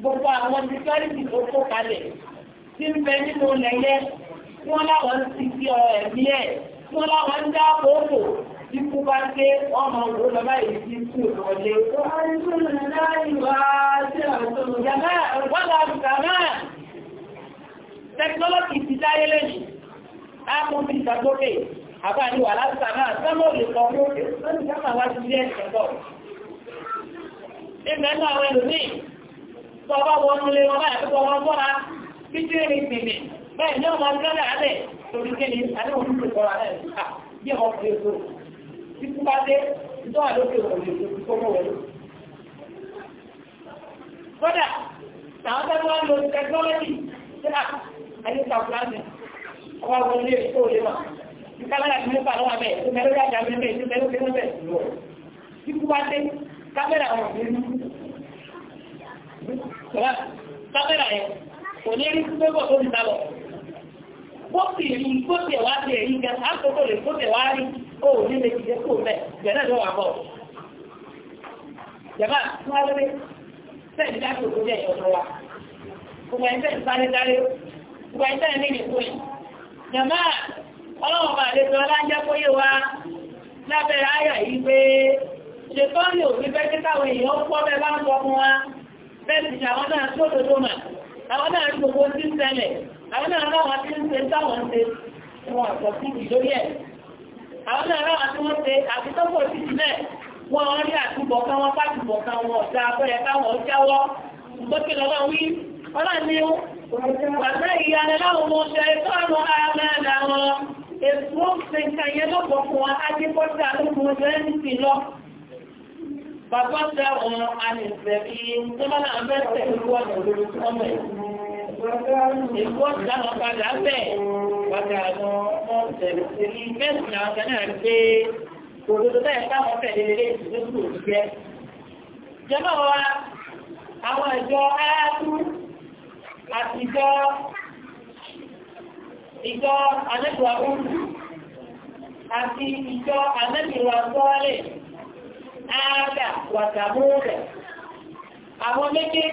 Gbogbo àwọn security tó kó kalẹ̀, tí ń bẹ nínú lẹ̀yẹ, wọ́n láwọn ti fi ọ̀ ẹ̀mí ẹ̀, wọ́n láwọn ń dá àpò tí bá dé ọmọ òun lọ báyìí sí kú ìrọ̀lẹ́. Tẹkinọ́lọ́gì ti dáyé lẹ́yìn, á mú bí ìdàgbókè, àbá ní wà látà náà, sọ́mọ́ lè kọ́ mú, lórí sọ́mọ́ wá sí ilé ẹ̀sẹ̀ bọ̀. Ìgbẹ́ náà wẹ́ lómi, sọ́wọ́ wọnú lé wọn báyìí tó wọ́n bọ́ra, títí rí ìpìnì, bẹ́ẹ̀ ní ọmọ ọdún lọ́dà rẹ̀, torí kéde, àdéhùn tó kọ́ra rẹ̀, bí ọmọ fi èso tí kú bá dé tó wà lókè òkè òkè tó mọ̀ wọ̀lú. kódà àwọn tó wá lo tẹkinọ́lọ́jì tí a ayé ta fúlàní ọba wọn lé tó lé wa kámẹ́rà tí mo fà lọ́wọ́ abẹ́ tó mẹ́rẹ́ yájà mi bẹ́ẹ̀ tó mẹ́rẹ́ tó mẹ́rẹ́ lọ. tí kú bá dé kámẹ́rà wọn lé ní. kámẹ́rà yẹn kò ní rí pé bọ̀ tó ń ta lọ. bó ti rí bó ti wá ti rí gan-an àkókò lè bó ti wá rí ó ò ní lè jẹ́ kó bẹ́ẹ̀ jẹ̀rẹ̀ ló wà bọ̀. Jàmbá tí wọ́n sẹ́ẹ̀dì láti òkú jẹ́ ìyọ̀tọ̀ wa. Gbogbo ẹni sẹ́ẹ̀dì sáré sáré, gbogbo ẹni sẹ́ẹ̀dì ní ìlú yìí. Jàmbá ọlọ́run bá lè sọ lájẹ́ kó yé wa lábẹ́rẹ́ ayà yìí pé ṣètọ́n ní òfin kí táwọn èèyàn pọ́ bẹ́ẹ̀ bá ń pọ́ fún wa. Bẹ́ẹ̀ sì àwọn náà tó tó tó mà, àwọn náà gbogbo ti ń ṣẹlẹ̀, àwọn náà láwọn ti ń ṣe táwọn ń ṣe, wọn àtọ̀ sí ìlórí ẹ̀ àwọn ẹ̀rọ àti wọ́n ṣe àbítọ́pọ̀ sí sílẹ̀ wọ́n rí àtúbọ̀ kan wọ́n pàtùbọ̀ kan wọ́n ọ̀dà abẹ́rẹ́ káwọn jáwọ́ gbókè lọ́wọ́ wí ọlọ́ni wàtá ìyanu láwọn ọmọ ọ̀ṣẹ́ ẹ̀tọ́ àwọn aráàlá wọn èso ṣe ń kàyẹ lọ́pọ̀ fún wọn ajẹ́kọ́ta ló mú ọjọ́ ẹni sí lọ bàbá ṣe àwọn àmì ìfẹ́ bíi tó bá náà bẹ́ẹ̀ tẹ̀lé wọn lọ́wọ́ ọmọ ẹ̀kú Èkó dáhùn padà bẹ́ẹ̀. Padà lọ mọ́ tẹ̀lẹ̀ sí mẹ́sìn àwọn kan náà gbé òdodo bẹ́ẹ̀ táwọn tẹ̀lé lélẹ́ ìdókòwò jẹ́. Jọba wa, àwọn ìjọ Ayátu àti ìjọ ìjọ Anẹ́bùwà Oòrùn àti ìjọ Anẹ́bùwà Sọ́ọ́lẹ̀, Áádà, Wàtàmúrẹ̀, àwọn méjèèjì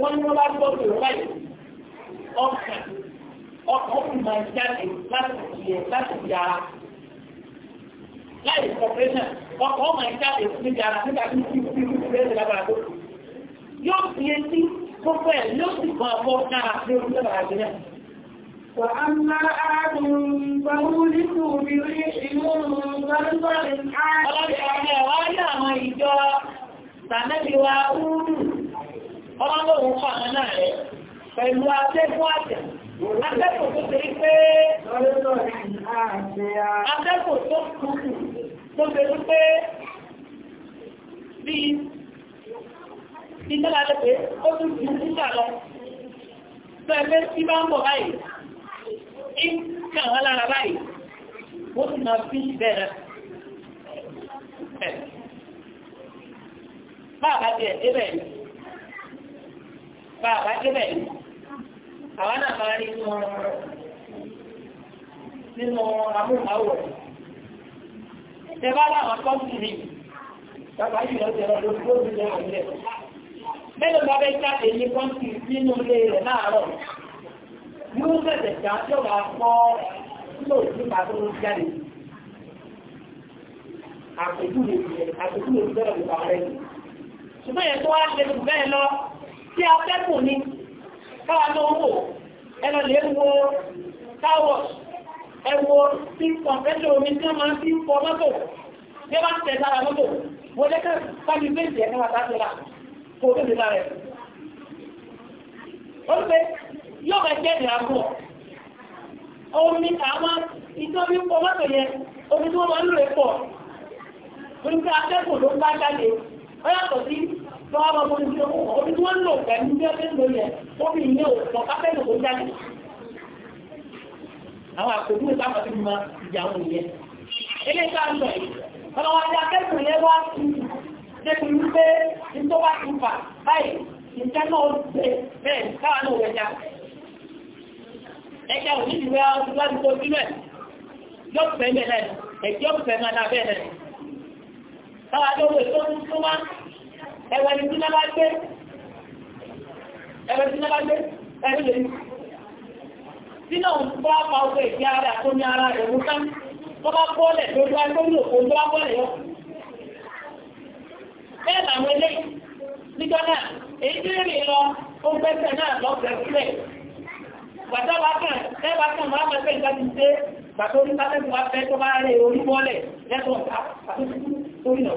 wọ́n ní wọ́n bá gbọ́ pé wọ́n báyìí ọkàn ọkàn ó máa jáde láti yẹ láti yára láì kọ̀pẹ́sàn ọkàn ó máa jáde níbi ara nígbà tí kí kí kí kí ẹ̀ lábàá tó yóò fi etí gbogbo ẹ̀ yóò sì kàn ọkọ̀ náà ní orí ẹ̀rọ àgbẹ̀rẹ̀. وأما عاد فأولكوا بريح منصرصر عاتية. ọlọ́dẹ̀ ọ̀rẹ́ wáyé àwọn ìjọ tàbí wa údù ọba lóhun kọ́ àwọn náà rẹ̀ pẹ̀lú atẹ́kùn àtẹ̀ atẹ́kùn tó ṣe pé atẹ́kùn tó kùkù tó ṣe pé bí iná lálẹ́ pé ó tún ju nígbà lọ pẹ̀lú tí bá ń bọ̀ báyìí ń kàn wọ́n lára báyìí wọ́n tún máa bá a bá débẹ̀ àwa náà máa rí nínú nínú amóhùnmáwòrán ṣe bá láwọn kọ́ńtì ni bàbá yìí lọ jẹ́ lọ́dún tó ti lọ́wọ́ ilẹ̀ mẹ́lẹ̀ bá bẹ́ jáde ní kọ́ńtì nínú ilé rẹ̀ láàárọ̀ yóò bẹ̀rẹ̀ jà tó wà kọ́ lóòtú pàtó jáde àpèjúwe àpèjúwe bẹ́ẹ̀ lọ́wọ́ rẹ̀ ṣùgbọ́n yẹn tó wá ṣe bẹ́ẹ̀ lọ tí a fẹ́kùn ní káwà ló wò ẹlọ lè wo káwọ̀ ẹwọ tí kọ̀ǹpẹ́tò omi tí wọ́n máa ń fi ń fọ mọ́tò bí wọ́n tẹ̀ lára mọ́tò wọ́n lẹ́kẹ́ sábì méjì ẹ̀kọ́ wa sáfẹ́ rà kó o tóbi lára ẹ̀. ó pé yóò máa jẹ́ ìrìn àbọ̀ omi àwọn ìtọ́bí fọ mọ́tò yẹn omi tí wọ́n máa ń lò pọ̀ omi tí a ló ń bá jáde ó yàtọ̀ sí lọ́wọ́ bọ́ ní ṣe lò pẹ̀lú bí ọdún ló yẹ omi ìyẹn ò sọ kápẹ́ ó jáde. àwọn àkókò ìta pàtó ma ìjà àwọn ìyẹn. eléyìí ń lọ yìí ọlọ́wọ́ ajá akẹ́kọ̀ọ́ yẹn wá sí i débi wípé nítorí wá sí fà báyìí nǹkan náà ṣe bẹ́ẹ̀ káwa náà wẹ̀ já. ẹja òní ìwé ọdún láti tó sílẹ̀ yóò fẹ́ mẹ́lẹ̀ ẹ̀jọ́ fẹ́ mẹ́lẹ̀ abẹ́rẹ́ ẹ̀rọ ẹni tí lọ́lá gbé ẹ̀rọ tí lọ́lá gbé ẹ̀rí lè tí náà ń bá pa ọkọ̀ ìdí ara tó ní ara rẹ̀ mú ká tó bá bọ́ọ̀lẹ̀ tó dá tó tó bá bọ́ọ̀lẹ̀ yọ. bẹ́ẹ̀ làwọn eléyìí nígbà náà èyí tí rìn lọ ó gbẹ́sẹ̀ náà lọ́gbẹ̀ẹ́ sílẹ̀ gbàtà wá kàn ẹ máa máa fẹ́ ìgbà tí ṣe gbàtà orí sáfẹ́ fẹ́ tó bá rẹ̀ orí bọ́ọ̀lẹ̀ lẹ́tọ̀ọ́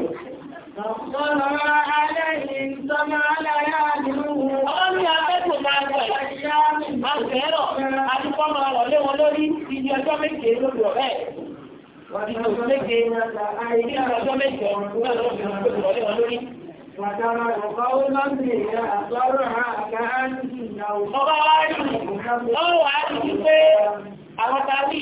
فاطلع عليهم سمع ليالهم ọlọ́run ní akẹ́kọ̀ọ́ máa gbọ́ ìyá àgbẹ̀rọ̀ àti fọ́mọ ọ̀lẹ́ wọn lórí ibi ọjọ́ méje lórí ọ̀rẹ́ ọjọ́ méje ibi ọjọ́ méje ọ̀rẹ́ wọn lórí. Wàtàrà ọ̀pá ó máa ń bèèrè àtọ́rọ̀ àkáhánì ìyàwó. Ọba wá rí, ọwọ́ àti pé àwọn tàbí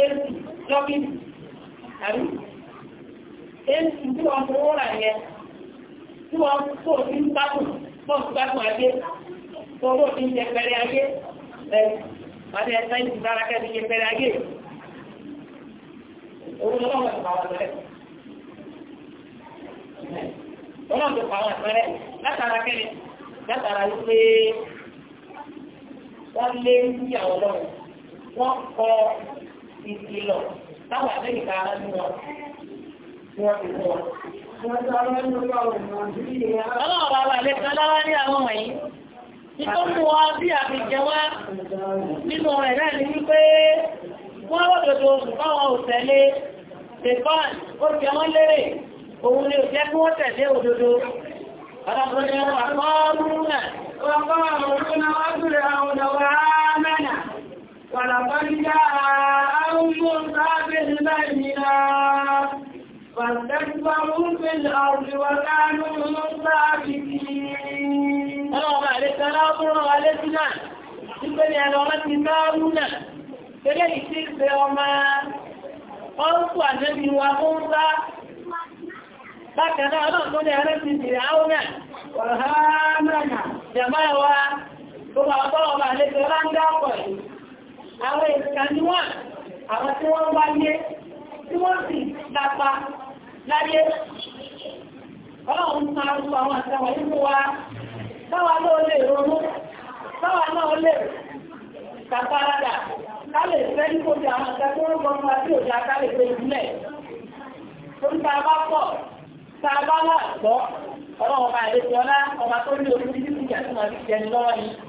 éèsì lọ́kìtì àbí éèsì tí wọ́n fowó rà yẹn tí wọ́n kó sí ń gbádùn pọ̀ sí gbádùn ayé owó ti ń jẹ pẹrẹ ayé ẹ̀ pàdé ẹ̀sán ìdí bára kẹ́ ti jẹ pẹrẹ ayé owó lọ́wọ́ ti pàwọn àpẹrẹ ọlọ́run ti pàwọn àpẹrẹ látara kẹ́ni látara wípé wọ́n lé níyàwó lọ́wọ́ wọ́n kọ́ ìkìlọ̀ táwọn àbẹ́yìká nínú wọn tí wọ́n ti fún lára ní àwọn wọ̀nyí. Ní tó mú wa bí àfijẹ wá nínú rẹ̀ náà ní wípé wọ́n rọ̀dọ̀dọ̀ ṣùgbọ́n òtẹ̀lé Stefan ó jẹ wọ́n lérè òun ni ò jẹ́ kí wọ́n tẹ̀lé òdodo. Ọlọ́run ولقد جاءهم موسى بالبينات فاستكبروا في الأرض وكانوا صادقين. اللهم عليك لا ضر عليكنا nígbẹ́ni alọ́láti márùnà tẹ́lẹ̀ ìṣẹ́gbẹ́ ọmọ ọ́nkù àjẹ́bí wa ó ń bá bákanáà náà tó ní ẹ̀rẹ́ ti dìrì áwọ́nà wàhánà jàmáà wa gbogbo àpọ́ ọmọ àlejò ráńdá pọ̀ yìí àwọn èèkà ní wọ́n àwọn tí wọ́n wáyé tí wọ́n sì dápa láyé ọlọ́run máa rú àwọn àtàwà nínú wa táwa náà lè ronú táwa náà lè kàfàràdà ká fẹ́ ní kò sí àwọn àtàkùn ọgbọ̀n tí òjá ká lè fẹ́ ìbílẹ̀ a bá a bá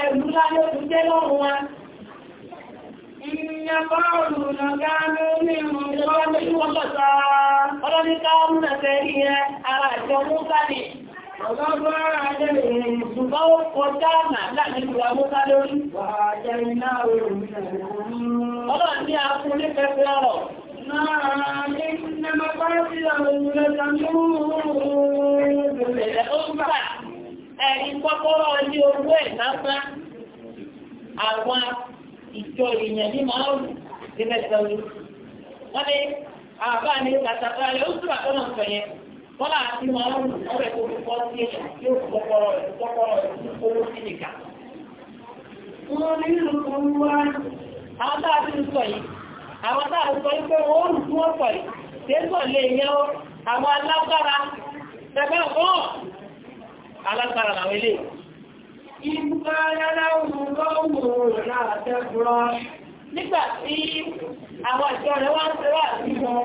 ẹ̀rù láyé tó jẹ́ lọ́rùn wa ìyẹn bọ́ọ̀lù lọ́gá ní ìrìnlọ́wọ́ ní wọ́n tọ́ta ọlọ́níká múnà tẹ́ ìyẹn ara ìjọ múta ní ọgọ́gọ́ àjẹ́ ìṣùgbọ́n kọjá àmà láti ìwà múta lórí ọlọ́ní akúnlé pẹ́pẹ́ ọ̀rọ̀ Náà ní ẹmọ bá sí àwọn ìrìnlẹ̀ ẹ̀rí kọ́kọ́rọ́ ní owó ẹ̀ lásán àwọn ìjọ èèyàn ní máa ń débẹ̀ sọ́yìn. wọ́n ní àbá ní kàtàkà rẹ̀ ó túbà tó náà sọ̀yẹn wọ́n náà ti máa ń ọ̀rẹ́ tó fi kọ́ sí èèyàn tí ó kọ́kọ́rọ́ rẹ̀ kọ́kọ́rọ́ rẹ̀ tó kówó sí nìkan. wọ́n ní ìlú wa àwọn tá a ti sọ yìí àwọn tá a sọ yìí pé wọ́n rù tí wọ́n sọ yìí tẹ́sán lè yẹ àwọn alágbára tẹ̀gbẹ́ alágbára làwọn ilé nígbà tí àwọn ìjọ rẹ̀ wá ń ṣe wà sí wọn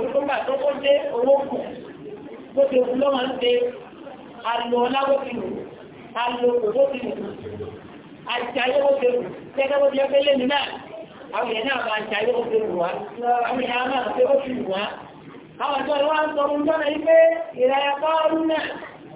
òṣùpá tó kó dé owó kù bó ti kú ló máa ń ṣe àlò ọláwókìlù àlò òwókìlù àjàyé òkèlù gẹ́gẹ́ bó ti ẹgbẹ́ lẹ́nu náà àwọn èèyàn náà máa àjàyé òkèlù wá àwọn èèyàn máa ṣe òkìlù wá àwọn ìjọ rẹ̀ wá ń sọ ohun tó náà yí pé ìrẹ̀yà bá ọdún náà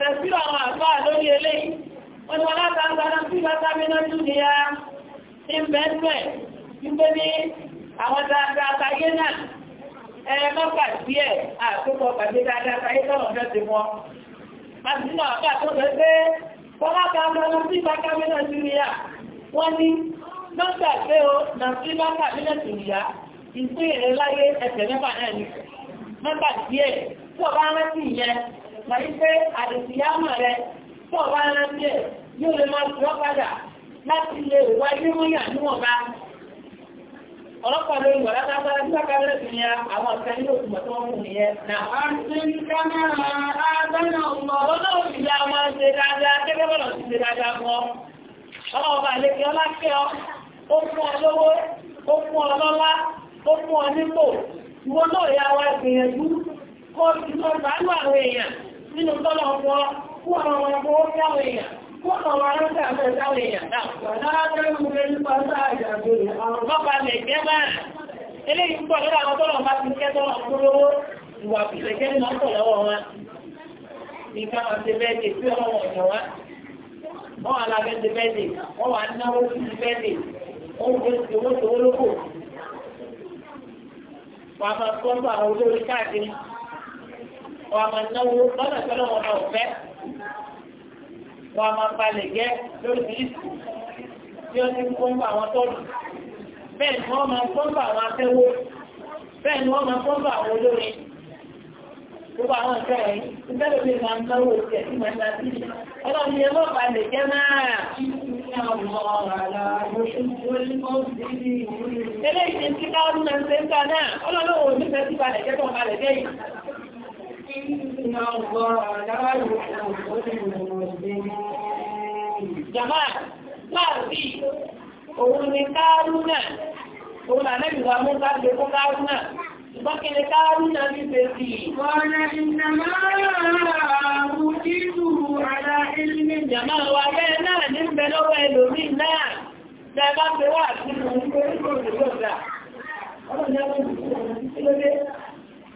tẹ̀sí àwọn àgbà lórí eléyìí wọ́n ni wọ́n látàgbàrá sí látàmínà júlíà ní mẹ́sẹ̀ wípé ní àwọn dáadáa tayé náà ẹ̀ẹ́mọ́kà díẹ̀ àtúkọ̀ pàdé dáadáa tayé tọ́wọ̀n fẹ́ ti wọn àti nínú àgbà tó fẹ́ pé wọ́n látàgbàrá sí látàmínà júlíà wọ́n ní nọ́ńgbà pé o nàfi látàmínà júlíà ìpín ìrẹ́láyé ẹsẹ̀ mẹ́fà náà ní nọ́ńgbà díẹ̀ mọ̀ ní pé àdìsíyámọ̀ rẹ tó ọba rántí ẹ̀ yóò lè máa fi ọ́padà láti lè wá yíwọ́nyà níwọ̀nba. Ọlọ́pàá lórí wọ̀lá dáadáa ní ọ̀kadà ti ní àwọn ọ̀sẹ̀ ní oṣù mọ̀ tó wọ́n fún nìyẹn. Nà á ti ń ká náà ágbẹ́nà ọmọ ọlọ́run ìyá ọmọ ṣe dáadáa gẹ́gẹ́ bọ́lọ̀ ti ṣe dáadáa fún ọ. Ọlọ́ọ̀bà lè fi ọlá kẹ́ ọ, ó fún ọ lówó, ó fún ọ lọ́lá, ó fún nínú tọ́lá ọ̀pọ̀ kú àwọn ọmọ ọmọ ọmọ àwọn èèyàn kú àwọn ọmọ aráńtà àti àwọn èèyàn náà wọ́n alábẹ́ ti bẹ́ẹ̀dì wọ́n wà náwó sí ti bẹ́ẹ̀dì wọ́n gbé ìwọ́sowó lókò wọ́n a máa kọ́ ń bá àwọn olórí káàkiri wọ́n a máa lọ́nà tó lọ́wọ́ náà fẹ́ wọ́n a balẹ̀ jẹ́ lórí ìlú tí ó ti ń kó ń bá àwọn tọ́lù bẹ́ẹ̀ ni wọ́n máa kó ń bá àwọn akẹ́wó bẹ́ẹ̀ ni wọ́n máa kó ń bá àwọn olórin gbogbo àwọn ìfẹ́ rẹ̀ ìfẹ́lẹ̀ bí máa ń náwó ìfẹ́ sí máa ń dá sí ọlọ́run ni ẹgbẹ́ ọ̀pá lè jẹ́ náà eléyìí ti ká ọdún náà ń ṣe ń gbà náà ọlọ́run ò ní fẹ́ sí balẹ̀ jẹ́ tó ọ̀pá lè jẹ́ yìí Jàmá láàrí òun ni Kárúnà, òun àlẹ́gbìwà mú bá gbé fún Kárúnà, ṣùgbọ́n kí ni Kárúnà ní bèbí? Ọ̀rẹ́ ààrùn ìlú àdá ilmi jàmá wà bẹ́ẹ̀ náà ní bẹ̀lọ́wọ́ ẹlòmí náà, jẹ́ bá fẹ́ wà sí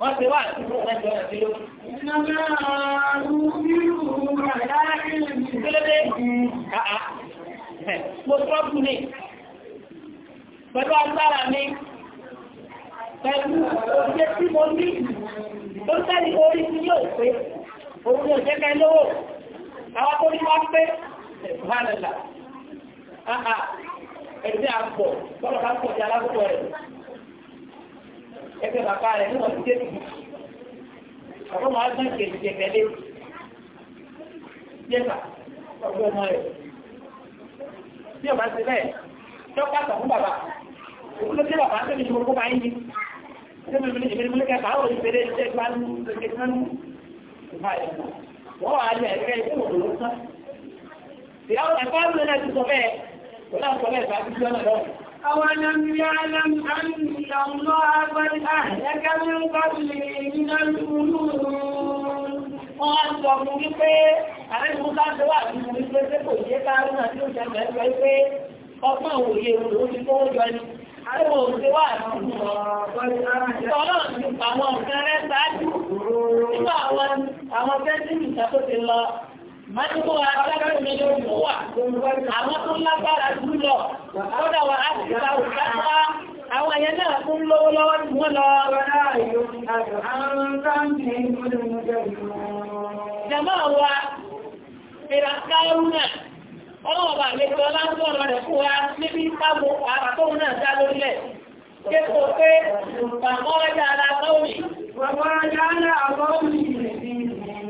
wọ́n ti wá àti fún ẹjọ́ àti ló. Kílódé kàá mo tọ́jú ni pẹ̀lú agbára mi pẹ̀lú oúnjẹ tí mo ní tó sẹ́ni orí tí yóò pé òun yóò jẹ́kẹ́ lówó àwọn tó ní wá pé ìbánilà ẹ̀dẹ́ àpọ̀ bọ́lọ̀ bá pọ̀ sí alágbó rẹ̀ ẹgbẹ́ bàbá rẹ̀ níwọ̀n ti dé tìbí ọ̀pọ̀ máa gbọ́n kèjìkè tẹ̀lé jẹ́fà ọgbẹ́ ọmọ rẹ̀ bí ọba ti bẹ́ẹ̀ tí ó fún bàbá òkú ló bàbá tó ní ìṣòro kópa yín ni ṣé mi ní ìbílẹ̀ múlẹ́kẹ́ bá wọ́n ìṣeré iṣẹ́ gbá nínú ìṣẹ́ nínú ìgbà yẹn wọ́n wà á lẹ̀ ẹ̀rẹ́ ìṣẹ́ òdòdó tán ìyá ọ̀pọ̀ ẹ̀kọ́ أولم يعلم أن الله قد أهلك من قبله من القلوب Wọ́n sọ fún wípé àrẹ́gbùn káàkiri àti ìwé pé pé kò yé káàkiri àti ìjọba ẹgbẹ́ pé ọgbọ́n òye òun ti kó jọ ni. Àrẹ́gbùn òun ti wà àwọn ọ̀rọ̀ àwọn ọ̀gá rẹ̀ sáájú. Nígbà àwọn ọ̀gá tí ìjọba tó ti lọ Mọ́tíkò alágbàrá mi ló mú wà, àwọn tó lágbára jùlọ, kọ́dà wà á ti ta òkúta àwọn ẹ̀yẹ náà fún lówó lọ́wọ́ tí wọ́n lọ. Jàmọ́ wa, ìràkáyú náà, ọlọ́wọ̀bà lè tọ́ lágbọ́rọ̀ rẹ̀ fún wa níbi pàbò àpàtọ́ náà dá lórílẹ̀. Kéko pé, bàbá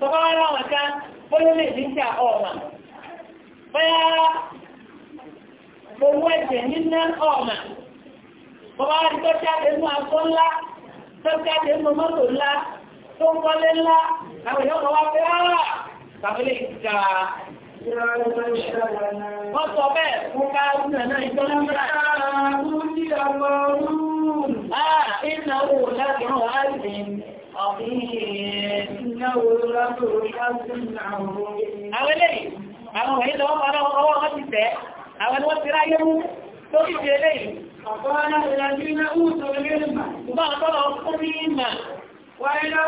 tọ́kọ́ wá láwọn ká bóyá lè ní ìjà owó ẹ̀jẹ̀ nínú ọ̀mà bọ́bá rí tó jáde mú aṣọ ńlá tó jáde mú mọ́tò ńlá tó kọ́lé ńlá àwọn èèyàn wá pé áà tàbí lè Àwọn eléyìí, àwọn òyìn lọ́wọ́ padà ọwọ́ wọn ti tẹ́, àwọn ni wọ́n ti ráyé mú tó ti fi eléyìí. Ọ̀pọ̀ ọ̀nà ìrìnàjò iná ń sọ ilé ìmà. Ìbá àtọ́lọ̀ fún ní ìmà. Wà ilá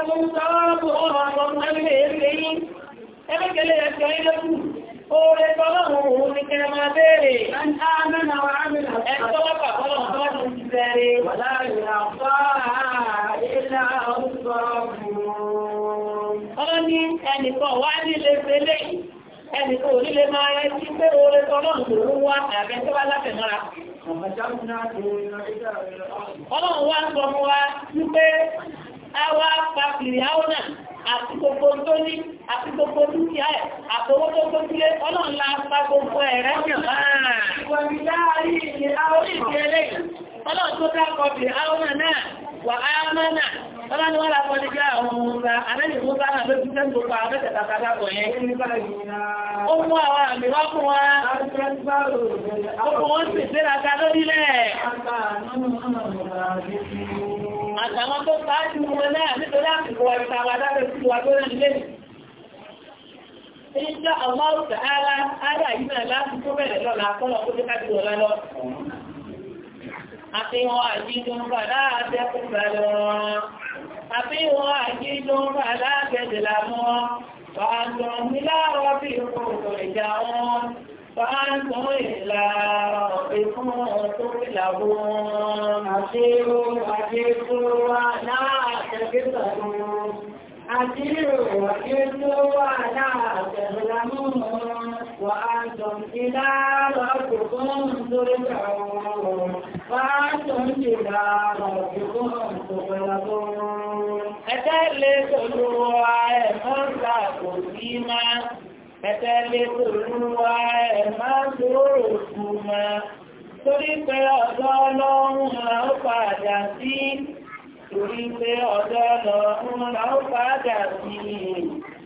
òṣòro wá àbẹ́ tó bá láfẹ̀ mọ́ra. Ọlọ́run wá ń sọ fún wa wípé a wá pa kìrì áwọnà àti gbogbo tó ní àti gbogbo dúkìá ẹ̀ àtọwọ́ tó tó sílé ọlọ́run la pa gbogbo ẹ̀ rẹ̀ yàn máa. Ọlọ́run tó dákọ̀ bìrì áwọnà náà wà á mọ́nà ọlọ́run wá làkọ̀ọ́dìjà jẹ́ àwọn àmì wá fún wa. Gbogbo wọn sì gbéraka lórílẹ̀. Àtàwọn tó sáájú wọn náà nítorí àsìkò ẹ̀ta wa dáre sí wa tó rẹ̀ nílé. Ìjọ àwọn òṣà ara yìí náà láti tó bẹ̀rẹ̀ lọ́la àbí wọn àjíjọ ń rà lágẹ̀dẹ̀ làmọ́ fàájọ níláàrọ̀ bí kòkòrò ìjà wọn fàájọ ìlàrọ̀ ìfún tó ìlàwó àṣírò àṣírò wà náà àṣẹ́gbẹ̀sàgbọ̀n àti ìrọ̀wọ̀ tí ó tó wà láàbẹ̀rẹ̀ lámúhùn wà á jọ sí láàrọ̀ ọ̀pọ̀kún lórí ọ̀rọ̀ wà á jọ sí láàrọ̀ ọ̀pọ̀kún tó pẹ̀lá tó rún. Ẹ̀tẹ́ lè tòlú wa ẹ̀mọ́ ìgbà kò sí máa. Ẹ̀tẹ́ lè tòlú wa ẹ̀mọ́ ìgbòrò kù máa. Torí pé ọ̀dọ́ ọlọ́run máa ó padà sí torí pé ọjọ́ lọ́run láó padà sí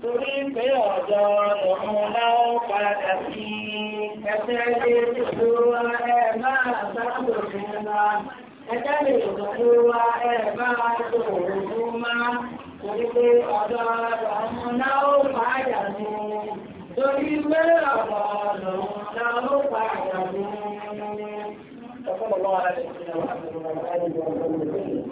torí pé ọjọ́ lọ́run láó padà sí ẹgbẹ́ lè tó wá ẹ máa sáàbò nígbà ẹgbẹ́ lè tó wá ẹ máa tó òun máa torí pé ọjọ́ lọ́run láó padà sí torí pé ọjọ́ lọ́run láó padà sí. وصلى الله